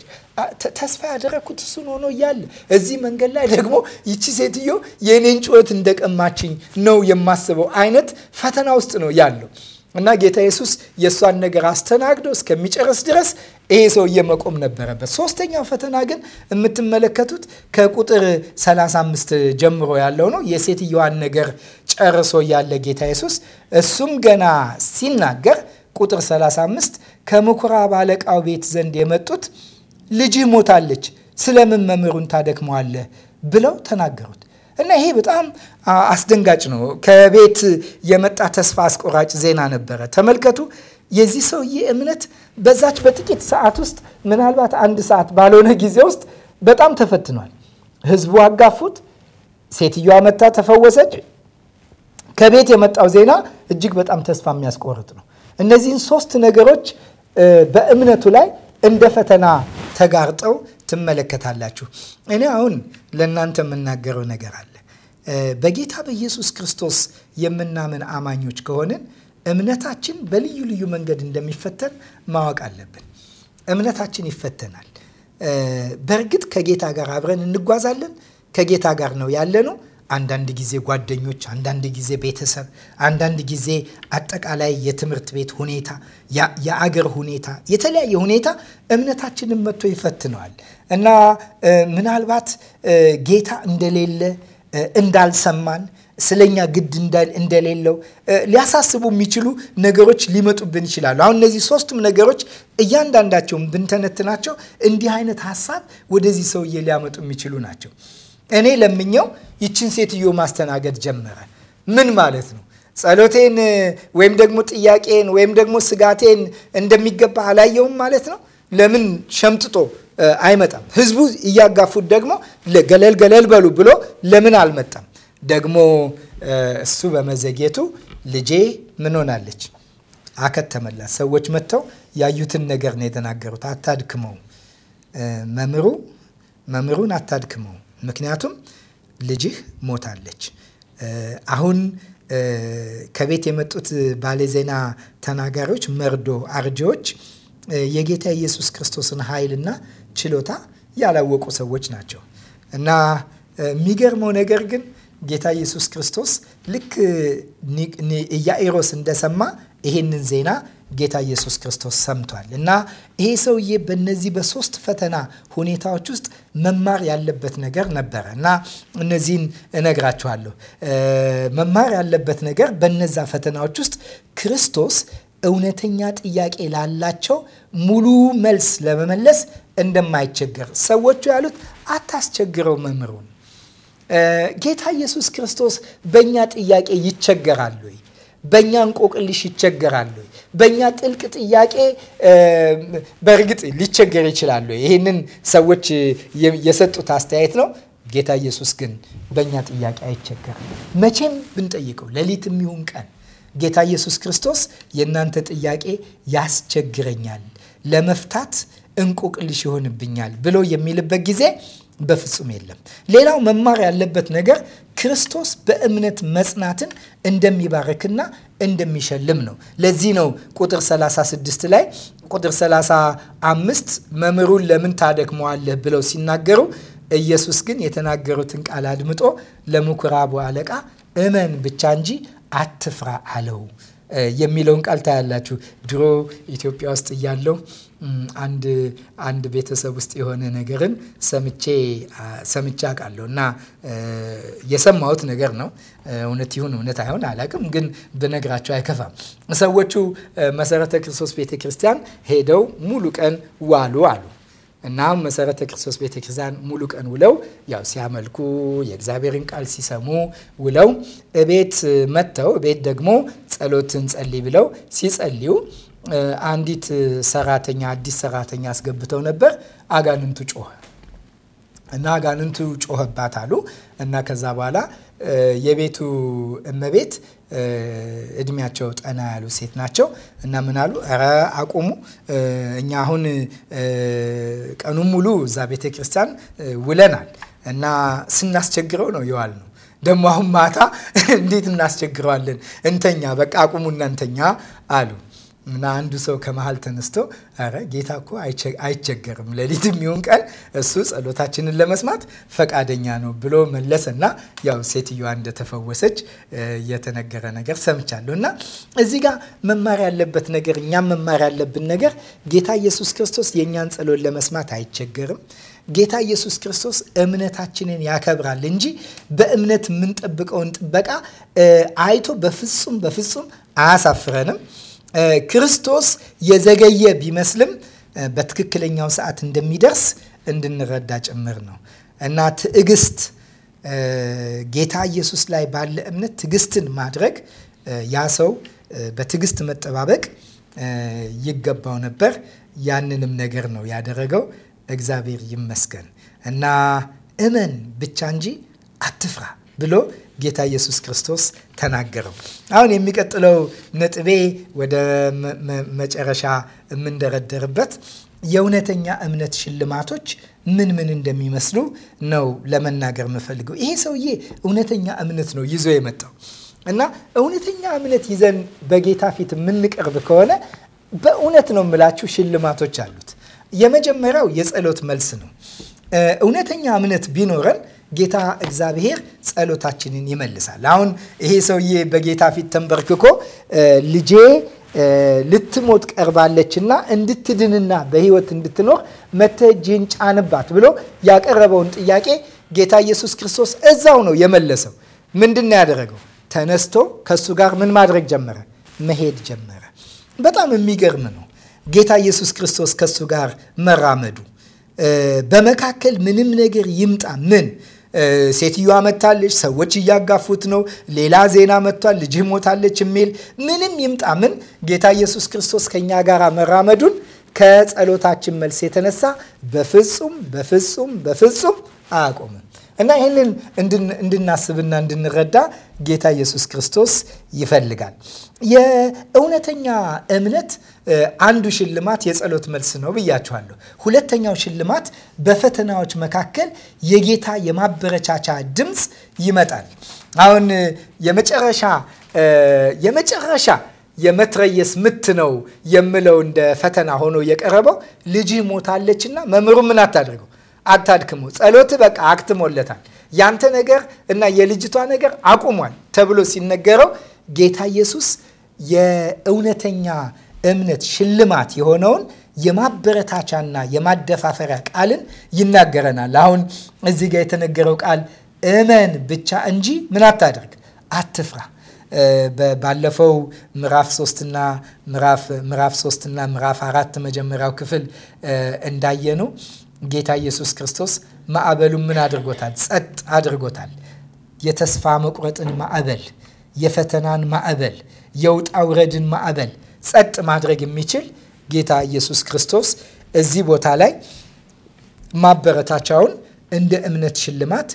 ተስፋ ያደረግኩት እሱን ሆኖ እያለ እዚህ መንገድ ላይ ደግሞ ይቺ ሴትዮ የእኔን ጩኸት እንደቀማችኝ ነው የማስበው አይነት ፈተና ውስጥ ነው ያለው። እና ጌታ ኢየሱስ የእሷን ነገር አስተናግዶ እስከሚጨርስ ድረስ ይሄ ሰውዬ መቆም ነበረበት። ሶስተኛው ፈተና ግን የምትመለከቱት ከቁጥር 35 ጀምሮ ያለው ነው። የሴትዮዋን ነገር ጨርሶ ያለ ጌታ ኢየሱስ እሱም ገና ሲናገር ቁጥር 35 ከምኩራብ አለቃው ቤት ዘንድ የመጡት ልጅህ ሞታለች፣ ስለምን መምህሩን ታደክመዋለህ ብለው ተናገሩት። እና ይሄ በጣም አስደንጋጭ ነው። ከቤት የመጣ ተስፋ አስቆራጭ ዜና ነበረ። ተመልከቱ። የዚህ ሰውዬ እምነት በዛች በጥቂት ሰዓት ውስጥ ምናልባት አንድ ሰዓት ባልሆነ ጊዜ ውስጥ በጣም ተፈትኗል። ህዝቡ አጋፉት። ሴትዮዋ መታ ተፈወሰች። ከቤት የመጣው ዜና እጅግ በጣም ተስፋ የሚያስቆርጥ ነው። እነዚህን ሶስት ነገሮች በእምነቱ ላይ እንደ ፈተና ተጋርጠው ትመለከታላችሁ። እኔ አሁን ለእናንተ የምናገረው ነገር አለ። በጌታ በኢየሱስ ክርስቶስ የምናምን አማኞች ከሆንን እምነታችን በልዩ ልዩ መንገድ እንደሚፈተን ማወቅ አለብን። እምነታችን ይፈተናል። በእርግጥ ከጌታ ጋር አብረን እንጓዛለን። ከጌታ ጋር ነው ያለነው። አንዳንድ ጊዜ ጓደኞች፣ አንዳንድ ጊዜ ቤተሰብ፣ አንዳንድ ጊዜ አጠቃላይ የትምህርት ቤት ሁኔታ፣ የአገር ሁኔታ፣ የተለያየ ሁኔታ እምነታችንን መጥቶ ይፈትነዋል እና ምናልባት ጌታ እንደሌለ እንዳልሰማን ስለኛ ግድ እንደሌለው ሊያሳስቡ የሚችሉ ነገሮች ሊመጡብን ይችላሉ። አሁን እነዚህ ሶስቱም ነገሮች እያንዳንዳቸውን ብንተነትናቸው እንዲህ አይነት ሀሳብ ወደዚህ ሰውዬ ሊያመጡ የሚችሉ ናቸው። እኔ ለምኘው ይችን ሴትዮ ማስተናገድ ጀመረ። ምን ማለት ነው? ጸሎቴን ወይም ደግሞ ጥያቄን ወይም ደግሞ ስጋቴን እንደሚገባ አላየውም ማለት ነው። ለምን ሸምጥጦ አይመጣም። ህዝቡ እያጋፉት ደግሞ ገለል ገለል በሉ ብሎ ለምን አልመጣም? ደግሞ እሱ በመዘግየቱ ልጄ ምን ሆናለች? አከተመላት። ሰዎች መጥተው ያዩትን ነገር ነው የተናገሩት። አታድክመው መምሩ መምሩን አታድክመው፣ ምክንያቱም ልጅህ ሞታለች። አሁን ከቤት የመጡት ባለዜና ተናጋሪዎች፣ መርዶ አርጂዎች የጌታ ኢየሱስ ክርስቶስን ኃይልና ችሎታ ያላወቁ ሰዎች ናቸው እና የሚገርመው ነገር ግን ጌታ ኢየሱስ ክርስቶስ ልክ ኢያኢሮስ እንደሰማ ይሄንን ዜና ጌታ ኢየሱስ ክርስቶስ ሰምቷል እና ይሄ ሰውዬ በእነዚህ በሶስት ፈተና ሁኔታዎች ውስጥ መማር ያለበት ነገር ነበረ እና እነዚህን እነግራችኋለሁ። መማር ያለበት ነገር በነዛ ፈተናዎች ውስጥ ክርስቶስ እውነተኛ ጥያቄ ላላቸው ሙሉ መልስ ለመመለስ እንደማይቸገር ሰዎቹ ያሉት አታስቸግረው መምህሩን። ጌታ ኢየሱስ ክርስቶስ በእኛ ጥያቄ ይቸገራሉ ወይ? በእኛ እንቆቅልሽ ይቸገራሉ ወይ? በእኛ ጥልቅ ጥያቄ በእርግጥ ሊቸገር ይችላሉ ይህንን ሰዎች የሰጡት አስተያየት ነው። ጌታ ኢየሱስ ግን በእኛ ጥያቄ አይቸገርም። መቼም ብንጠይቀው ሌሊት የሚሆን ቀን ጌታ ኢየሱስ ክርስቶስ የእናንተ ጥያቄ ያስቸግረኛል፣ ለመፍታት እንቆቅልሽ ይሆንብኛል ብሎ የሚልበት ጊዜ በፍጹም የለም። ሌላው መማር ያለበት ነገር ክርስቶስ በእምነት መጽናትን እንደሚባርክና እንደሚሸልም ነው። ለዚህ ነው ቁጥር 36 ላይ ቁጥር 35 መምህሩን ለምን ታደክመዋለህ ብለው ሲናገሩ ኢየሱስ ግን የተናገሩትን ቃል አድምጦ ለምኩራቡ አለቃ እመን ብቻ እንጂ አትፍራ አለው የሚለውን ቃል ታያላችሁ። ድሮ ኢትዮጵያ ውስጥ እያለው አንድ አንድ ቤተሰብ ውስጥ የሆነ ነገርን ሰምቼ ሰምቼ አውቃለሁ እና የሰማሁት ነገር ነው። እውነት ይሁን እውነት አይሆን አላውቅም፣ ግን ብነግራቸው አይከፋም። ሰዎቹ መሰረተ ክርስቶስ ቤተ ክርስቲያን ሄደው ሙሉ ቀን ዋሉ አሉ እናም መሰረተ ክርስቶስ ቤተክርስቲያን ሙሉ ቀን ውለው ያው ሲያመልኩ የእግዚአብሔርን ቃል ሲሰሙ ውለው እቤት መጥተው እቤት ደግሞ ጸሎትን ጸልይ ብለው ሲጸልዩ አንዲት ሰራተኛ አዲስ ሰራተኛ አስገብተው ነበር። አጋንንቱ ጮኸ። እና አጋንንቱ ጮኸባት አሉ እና ከዛ በኋላ የቤቱ እመቤት እድሜያቸው ጠና ያሉ ሴት ናቸው እና ምን አሉ? ኧረ አቁሙ፣ እኛ አሁን ቀኑን ሙሉ እዛ ቤተ ክርስቲያን ውለናል እና ስናስቸግረው ነው የዋል ነው ደግሞ አሁን ማታ እንዴት እናስቸግረዋለን? እንተኛ፣ በቃ አቁሙ፣ እንተኛ አሉ። እና አንዱ ሰው ከመሀል ተነስቶ አረ ጌታ እኮ አይቸገርም፣ ሌሊት የሚሆን ቀን እሱ ጸሎታችንን ለመስማት ፈቃደኛ ነው ብሎ መለሰ እና ያው ሴትዮዋ እንደተፈወሰች የተነገረ ነገር ሰምቻለሁ። እና እዚህ ጋር መማር ያለበት ነገር እኛም መማር ያለብን ነገር ጌታ ኢየሱስ ክርስቶስ የእኛን ጸሎት ለመስማት አይቸገርም። ጌታ ኢየሱስ ክርስቶስ እምነታችንን ያከብራል እንጂ በእምነት የምንጠብቀውን ጥበቃ አይቶ በፍጹም በፍጹም አያሳፍረንም። ክርስቶስ የዘገየ ቢመስልም በትክክለኛው ሰዓት እንደሚደርስ እንድንረዳ ጭምር ነው እና ትዕግስት ጌታ ኢየሱስ ላይ ባለ እምነት ትዕግስትን ማድረግ ያ ሰው በትዕግስት መጠባበቅ ይገባው ነበር። ያንንም ነገር ነው ያደረገው። እግዚአብሔር ይመስገን እና እመን ብቻ እንጂ አትፍራ ብሎ ጌታ ኢየሱስ ክርስቶስ ተናገረው። አሁን የሚቀጥለው ነጥቤ ወደ መጨረሻ የምንደረደርበት የእውነተኛ እምነት ሽልማቶች ምን ምን እንደሚመስሉ ነው ለመናገር የምፈልገው። ይሄ ሰውዬ እውነተኛ እምነት ነው ይዞ የመጣው እና እውነተኛ እምነት ይዘን በጌታ ፊት የምንቀርብ ከሆነ በእውነት ነው የምላችሁ ሽልማቶች አሉት። የመጀመሪያው የጸሎት መልስ ነው። እውነተኛ እምነት ቢኖረን ጌታ እግዚአብሔር ጸሎታችንን ይመልሳል። አሁን ይሄ ሰውዬ በጌታ ፊት ተንበርክኮ ልጄ ልትሞት ቀርባለችና እንድትድንና በሕይወት እንድትኖር መተጅን ጫንባት ብሎ ያቀረበውን ጥያቄ ጌታ ኢየሱስ ክርስቶስ እዛው ነው የመለሰው። ምንድን ነው ያደረገው? ተነስቶ ከእሱ ጋር ምን ማድረግ ጀመረ? መሄድ ጀመረ። በጣም የሚገርም ነው ጌታ ኢየሱስ ክርስቶስ ከእሱ ጋር መራመዱ በመካከል ምንም ነገር ይምጣ ምን ሴትዮዋ መታለች፣ ሰዎች እያጋፉት ነው፣ ሌላ ዜና መጥቷል፣ ልጅህ ሞታለች የሚል ምንም ይምጣ ምን ጌታ ኢየሱስ ክርስቶስ ከኛ ጋር መራመዱን ከጸሎታችን መልስ የተነሳ በፍጹም በፍጹም በፍጹም አያቆምም እና ይህንን እንድናስብና እንድንረዳ ጌታ ኢየሱስ ክርስቶስ ይፈልጋል። የእውነተኛ እምነት አንዱ ሽልማት የጸሎት መልስ ነው ብያችኋለሁ። ሁለተኛው ሽልማት በፈተናዎች መካከል የጌታ የማበረቻቻ ድምፅ ይመጣል። አሁን የመጨረሻ የመጨረሻ የመትረየስ ምት ነው የምለው እንደ ፈተና ሆኖ የቀረበው ልጅህ ሞታለችና መምህሩ ምን አታደርገው አታድክመው፣ ጸሎት በቃ አክትሞለታል፣ ያንተ ነገር እና የልጅቷ ነገር አቁሟል ተብሎ ሲነገረው ጌታ ኢየሱስ የእውነተኛ እምነት ሽልማት የሆነውን የማበረታቻና የማደፋፈሪያ ቃልን ይናገረናል። አሁን እዚህ ጋር የተነገረው ቃል እመን ብቻ እንጂ ምን አታደርግ፣ አትፍራ። ባለፈው ምዕራፍ ሶስትና ምዕራፍ ምዕራፍ ሶስትና ምዕራፍ አራት መጀመሪያው ክፍል እንዳየነው ጌታ ኢየሱስ ክርስቶስ ማዕበሉን ምን አድርጎታል? ጸጥ አድርጎታል። የተስፋ መቁረጥን ማዕበል፣ የፈተናን ማዕበል፣ የውጣ ውረድን ማዕበል ጸጥ ማድረግ የሚችል ጌታ ኢየሱስ ክርስቶስ እዚህ ቦታ ላይ ማበረታቻውን እንደ እምነት ሽልማት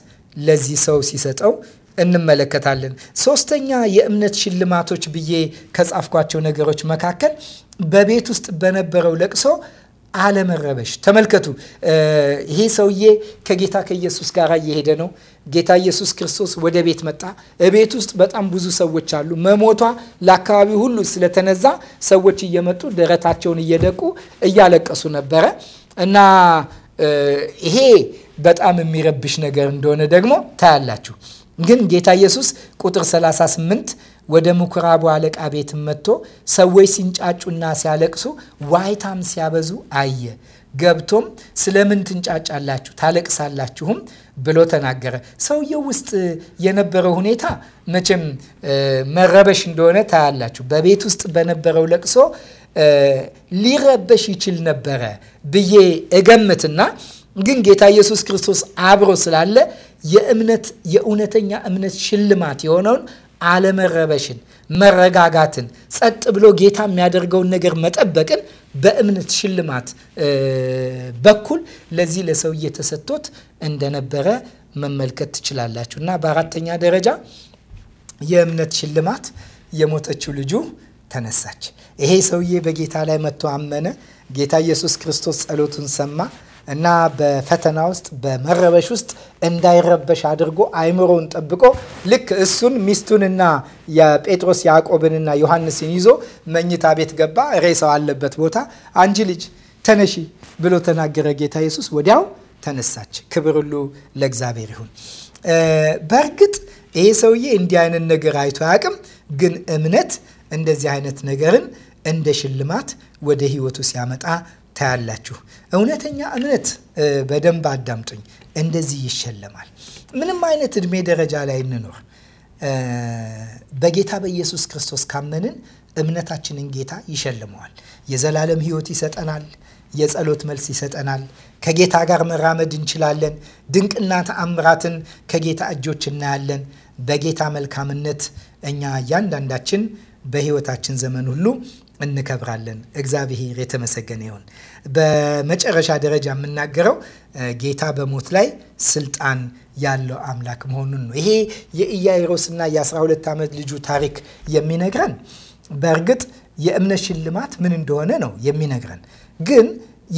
ለዚህ ሰው ሲሰጠው እንመለከታለን። ሶስተኛ የእምነት ሽልማቶች ብዬ ከጻፍኳቸው ነገሮች መካከል በቤት ውስጥ በነበረው ለቅሶ አለመረበሽ። ተመልከቱ፣ ይሄ ሰውዬ ከጌታ ከኢየሱስ ጋር እየሄደ ነው። ጌታ ኢየሱስ ክርስቶስ ወደ ቤት መጣ። እቤት ውስጥ በጣም ብዙ ሰዎች አሉ። መሞቷ ለአካባቢው ሁሉ ስለተነዛ ሰዎች እየመጡ ደረታቸውን እየደቁ እያለቀሱ ነበረ እና ይሄ በጣም የሚረብሽ ነገር እንደሆነ ደግሞ ታያላችሁ። ግን ጌታ ኢየሱስ ቁጥር 38 ወደ ምኩራቡ አለቃ ቤት መጥቶ ሰዎች ሲንጫጩና ሲያለቅሱ ዋይታም ሲያበዙ አየ። ገብቶም ስለምን ትንጫጫላችሁ ታለቅሳላችሁም ብሎ ተናገረ። ሰውየው ውስጥ የነበረው ሁኔታ መቼም መረበሽ እንደሆነ ታያላችሁ። በቤት ውስጥ በነበረው ለቅሶ ሊረበሽ ይችል ነበረ ብዬ እገምትና ግን ጌታ ኢየሱስ ክርስቶስ አብሮ ስላለ የእምነት የእውነተኛ እምነት ሽልማት የሆነውን አለመረበሽን፣ መረጋጋትን፣ ጸጥ ብሎ ጌታ የሚያደርገውን ነገር መጠበቅን በእምነት ሽልማት በኩል ለዚህ ለሰውዬ ተሰጥቶት እንደነበረ መመልከት ትችላላችሁ። እና በአራተኛ ደረጃ የእምነት ሽልማት የሞተችው ልጁ ተነሳች። ይሄ ሰውዬ በጌታ ላይ መጥቶ አመነ። ጌታ ኢየሱስ ክርስቶስ ጸሎቱን ሰማ። እና በፈተና ውስጥ በመረበሽ ውስጥ እንዳይረበሽ አድርጎ አይምሮውን ጠብቆ ልክ እሱን ሚስቱንና የጴጥሮስ ያዕቆብንና ዮሐንስን ይዞ መኝታ ቤት ገባ። ሬሳው አለበት ቦታ አንቺ ልጅ ተነሺ ብሎ ተናገረ ጌታ ኢየሱስ። ወዲያው ተነሳች። ክብር ሁሉ ለእግዚአብሔር ይሁን። በእርግጥ ይሄ ሰውዬ እንዲህ አይነት ነገር አይቶ አያውቅም። ግን እምነት እንደዚህ አይነት ነገርን እንደ ሽልማት ወደ ህይወቱ ሲያመጣ ታያላችሁ። እውነተኛ እምነት በደንብ አዳምጡኝ፣ እንደዚህ ይሸለማል። ምንም አይነት እድሜ ደረጃ ላይ እንኖር፣ በጌታ በኢየሱስ ክርስቶስ ካመንን እምነታችንን ጌታ ይሸልመዋል። የዘላለም ሕይወት ይሰጠናል። የጸሎት መልስ ይሰጠናል። ከጌታ ጋር መራመድ እንችላለን። ድንቅና ተአምራትን ከጌታ እጆች እናያለን። በጌታ መልካምነት እኛ እያንዳንዳችን በሕይወታችን ዘመን ሁሉ እንከብራለን። እግዚአብሔር የተመሰገነ ይሁን። በመጨረሻ ደረጃ የምናገረው ጌታ በሞት ላይ ስልጣን ያለው አምላክ መሆኑን ነው። ይሄ የኢያይሮስና የ12 ዓመት ልጁ ታሪክ የሚነግረን በእርግጥ የእምነት ሽልማት ምን እንደሆነ ነው የሚነግረን ግን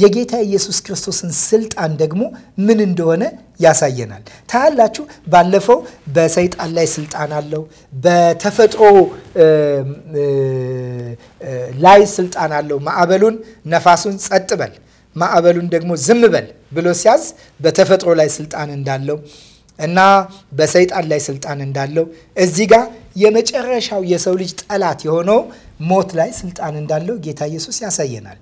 የጌታ ኢየሱስ ክርስቶስን ስልጣን ደግሞ ምን እንደሆነ ያሳየናል። ታያላችሁ። ባለፈው በሰይጣን ላይ ስልጣን አለው፣ በተፈጥሮ ላይ ስልጣን አለው። ማዕበሉን ነፋሱን ጸጥ በል፣ ማዕበሉን ደግሞ ዝም በል ብሎ ሲያዝ በተፈጥሮ ላይ ስልጣን እንዳለው እና በሰይጣን ላይ ስልጣን እንዳለው እዚህ ጋር የመጨረሻው የሰው ልጅ ጠላት የሆነው ሞት ላይ ስልጣን እንዳለው ጌታ ኢየሱስ ያሳየናል።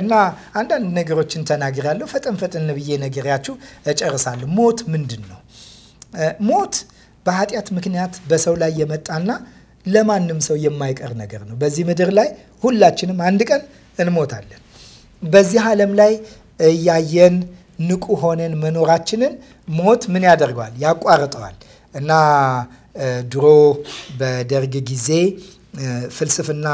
እና አንዳንድ ነገሮችን ተናግሬያለሁ። ፈጠን ፈጠን ብዬ ነግሬያችሁ እጨርሳለሁ። ሞት ምንድን ነው? ሞት በኃጢአት ምክንያት በሰው ላይ የመጣና ለማንም ሰው የማይቀር ነገር ነው። በዚህ ምድር ላይ ሁላችንም አንድ ቀን እንሞታለን። በዚህ ዓለም ላይ እያየን ንቁ ሆነን መኖራችንን ሞት ምን ያደርገዋል? ያቋርጠዋል እና ድሮ በደርግ ጊዜ ፍልስፍና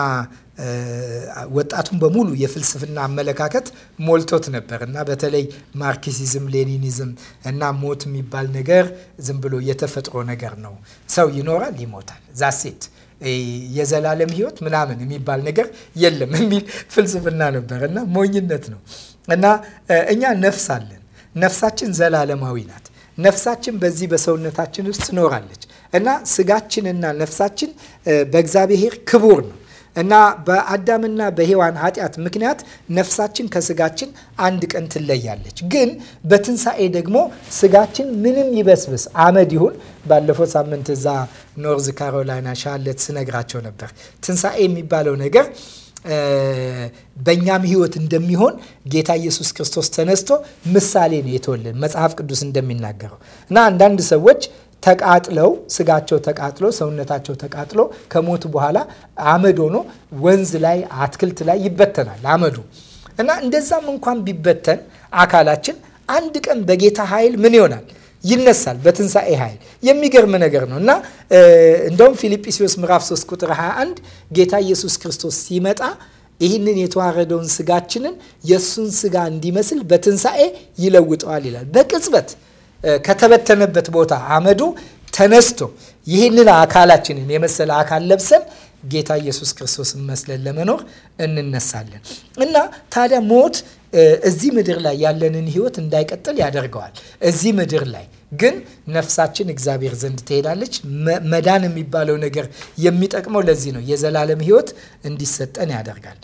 ወጣቱን በሙሉ የፍልስፍና አመለካከት ሞልቶት ነበር እና በተለይ ማርክሲዝም፣ ሌኒኒዝም እና ሞት የሚባል ነገር ዝም ብሎ የተፈጥሮ ነገር ነው። ሰው ይኖራል፣ ይሞታል፣ ዛሴት የዘላለም ሕይወት ምናምን የሚባል ነገር የለም የሚል ፍልስፍና ነበር እና ሞኝነት ነው እና እኛ ነፍስ አለን። ነፍሳችን ዘላለማዊ ናት። ነፍሳችን በዚህ በሰውነታችን ውስጥ ትኖራለች እና ስጋችንና ነፍሳችን በእግዚአብሔር ክቡር ነው እና በአዳምና በሔዋን ኃጢአት ምክንያት ነፍሳችን ከስጋችን አንድ ቀን ትለያለች። ግን በትንሣኤ ደግሞ ስጋችን ምንም ይበስብስ አመድ ይሁን ባለፈው ሳምንት እዛ ኖርዝ ካሮላይና ሻለት ስነግራቸው ነበር ትንሣኤ የሚባለው ነገር በእኛም ህይወት እንደሚሆን ጌታ ኢየሱስ ክርስቶስ ተነስቶ ምሳሌ ነው የተወለን መጽሐፍ ቅዱስ እንደሚናገረው እና አንዳንድ ሰዎች ተቃጥለው ስጋቸው ተቃጥሎ ሰውነታቸው ተቃጥሎ ከሞቱ በኋላ አመድ ሆኖ ወንዝ ላይ አትክልት ላይ ይበተናል አመዱ እና እንደዛም እንኳን ቢበተን አካላችን አንድ ቀን በጌታ ኃይል ምን ይሆናል ይነሳል በትንሣኤ ኃይል። የሚገርም ነገር ነው እና እንደውም ፊልጵስዩስ ምዕራፍ 3 ቁጥር 21 ጌታ ኢየሱስ ክርስቶስ ሲመጣ ይህንን የተዋረደውን ስጋችንን የእሱን ስጋ እንዲመስል በትንሣኤ ይለውጠዋል ይላል። በቅጽበት ከተበተነበት ቦታ አመዱ ተነስቶ ይህንን አካላችንን የመሰለ አካል ለብሰን ጌታ ኢየሱስ ክርስቶስን መስለን ለመኖር እንነሳለን እና ታዲያ ሞት እዚህ ምድር ላይ ያለንን ህይወት እንዳይቀጥል ያደርገዋል። እዚህ ምድር ላይ ግን ነፍሳችን እግዚአብሔር ዘንድ ትሄዳለች። መዳን የሚባለው ነገር የሚጠቅመው ለዚህ ነው። የዘላለም ህይወት እንዲሰጠን ያደርጋል።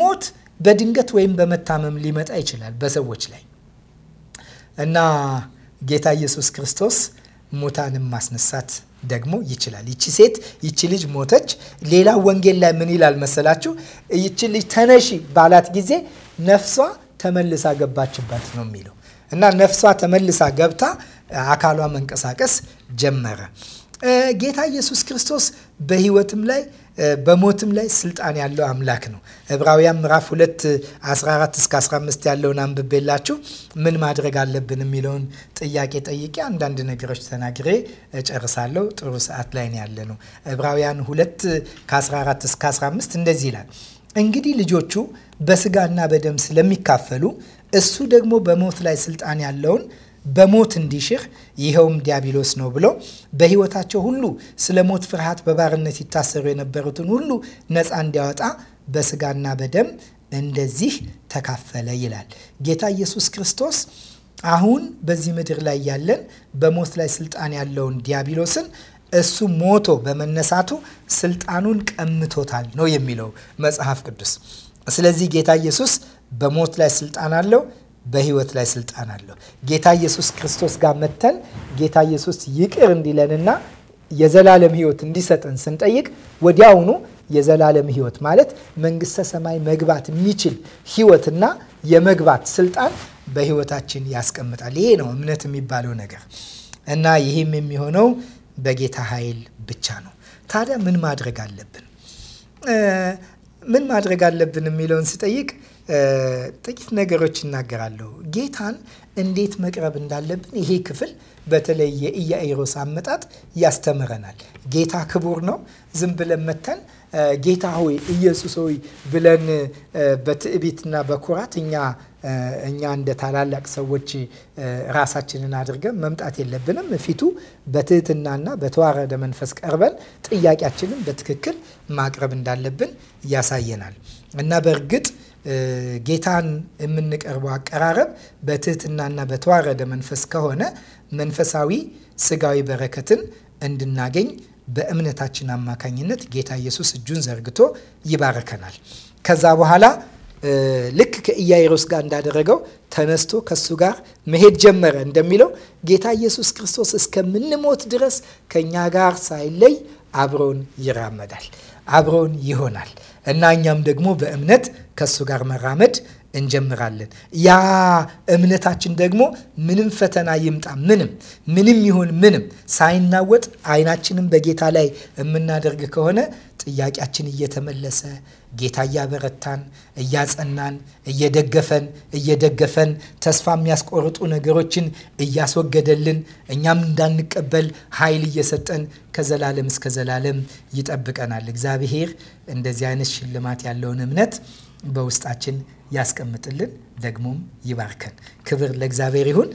ሞት በድንገት ወይም በመታመም ሊመጣ ይችላል በሰዎች ላይ እና ጌታ ኢየሱስ ክርስቶስ ሙታንም ማስነሳት ደግሞ ይችላል። ይቺ ሴት ይቺ ልጅ ሞተች። ሌላ ወንጌል ላይ ምን ይላል መሰላችሁ? ይቺ ልጅ ተነሺ ባላት ጊዜ ነፍሷ ተመልሳ ገባችበት ነው የሚለው እና ነፍሷ ተመልሳ ገብታ አካሏ መንቀሳቀስ ጀመረ። ጌታ ኢየሱስ ክርስቶስ በህይወትም ላይ በሞትም ላይ ስልጣን ያለው አምላክ ነው። ዕብራውያን ምዕራፍ 2 14 እስከ 15 ያለውን አንብቤላችሁ ምን ማድረግ አለብን የሚለውን ጥያቄ ጠይቄ አንዳንድ ነገሮች ተናግሬ እጨርሳለሁ። ጥሩ ሰዓት ላይ ነው ያለ ነው። ዕብራውያን 2 ከ14 እስከ 15 እንደዚህ ይላል እንግዲህ ልጆቹ በስጋና በደም ስለሚካፈሉ እሱ ደግሞ በሞት ላይ ስልጣን ያለውን በሞት እንዲሽር ይኸውም ዲያብሎስ ነው ብሎ በሕይወታቸው ሁሉ ስለ ሞት ፍርሃት በባርነት ይታሰሩ የነበሩትን ሁሉ ነፃ እንዲያወጣ በስጋና በደም እንደዚህ ተካፈለ ይላል ጌታ ኢየሱስ ክርስቶስ። አሁን በዚህ ምድር ላይ ያለን በሞት ላይ ስልጣን ያለውን ዲያብሎስን እሱ ሞቶ በመነሳቱ ስልጣኑን ቀምቶታል ነው የሚለው መጽሐፍ ቅዱስ። ስለዚህ ጌታ ኢየሱስ በሞት ላይ ስልጣን አለው፣ በህይወት ላይ ስልጣን አለው። ጌታ ኢየሱስ ክርስቶስ ጋር መተን ጌታ ኢየሱስ ይቅር እንዲለንና የዘላለም ህይወት እንዲሰጠን ስንጠይቅ ወዲያውኑ የዘላለም ህይወት ማለት መንግስተ ሰማይ መግባት የሚችል ህይወትና የመግባት ስልጣን በህይወታችን ያስቀምጣል። ይሄ ነው እምነት የሚባለው ነገር እና ይህም የሚሆነው በጌታ ኃይል ብቻ ነው። ታዲያ ምን ማድረግ አለብን? ምን ማድረግ አለብን የሚለውን ስጠይቅ ጥቂት ነገሮች እናገራለሁ። ጌታን እንዴት መቅረብ እንዳለብን ይሄ ክፍል በተለይ የኢያኢሮስ አመጣጥ ያስተምረናል። ጌታ ክቡር ነው። ዝም ብለን መተን ጌታ ሆይ ኢየሱስ ሆይ ብለን በትዕቢትና በኩራት እኛ እኛ እንደ ታላላቅ ሰዎች ራሳችንን አድርገን መምጣት የለብንም። ፊቱ በትህትናና በተዋረደ መንፈስ ቀርበን ጥያቄያችንን በትክክል ማቅረብ እንዳለብን ያሳየናል እና በእርግጥ ጌታን የምንቀርበው አቀራረብ በትህትናና በተዋረደ መንፈስ ከሆነ መንፈሳዊ ስጋዊ በረከትን እንድናገኝ በእምነታችን አማካኝነት ጌታ ኢየሱስ እጁን ዘርግቶ ይባረከናል። ከዛ በኋላ ልክ ከኢያይሮስ ጋር እንዳደረገው ተነስቶ ከሱ ጋር መሄድ ጀመረ። እንደሚለው ጌታ ኢየሱስ ክርስቶስ እስከምንሞት ድረስ ከእኛ ጋር ሳይለይ አብሮን ይራመዳል፣ አብሮን ይሆናል እና እኛም ደግሞ በእምነት ከእሱ ጋር መራመድ እንጀምራለን። ያ እምነታችን ደግሞ ምንም ፈተና ይምጣ ምንም ምንም ይሁን ምንም ሳይናወጥ አይናችንን በጌታ ላይ የምናደርግ ከሆነ ጥያቄያችን እየተመለሰ ጌታ እያበረታን እያጸናን እየደገፈን እየደገፈን ተስፋ የሚያስቆርጡ ነገሮችን እያስወገደልን እኛም እንዳንቀበል ኃይል እየሰጠን ከዘላለም እስከ ዘላለም ይጠብቀናል። እግዚአብሔር እንደዚህ አይነት ሽልማት ያለውን እምነት በውስጣችን ያስቀምጥልን፣ ደግሞም ይባርከን። ክብር ለእግዚአብሔር ይሁን።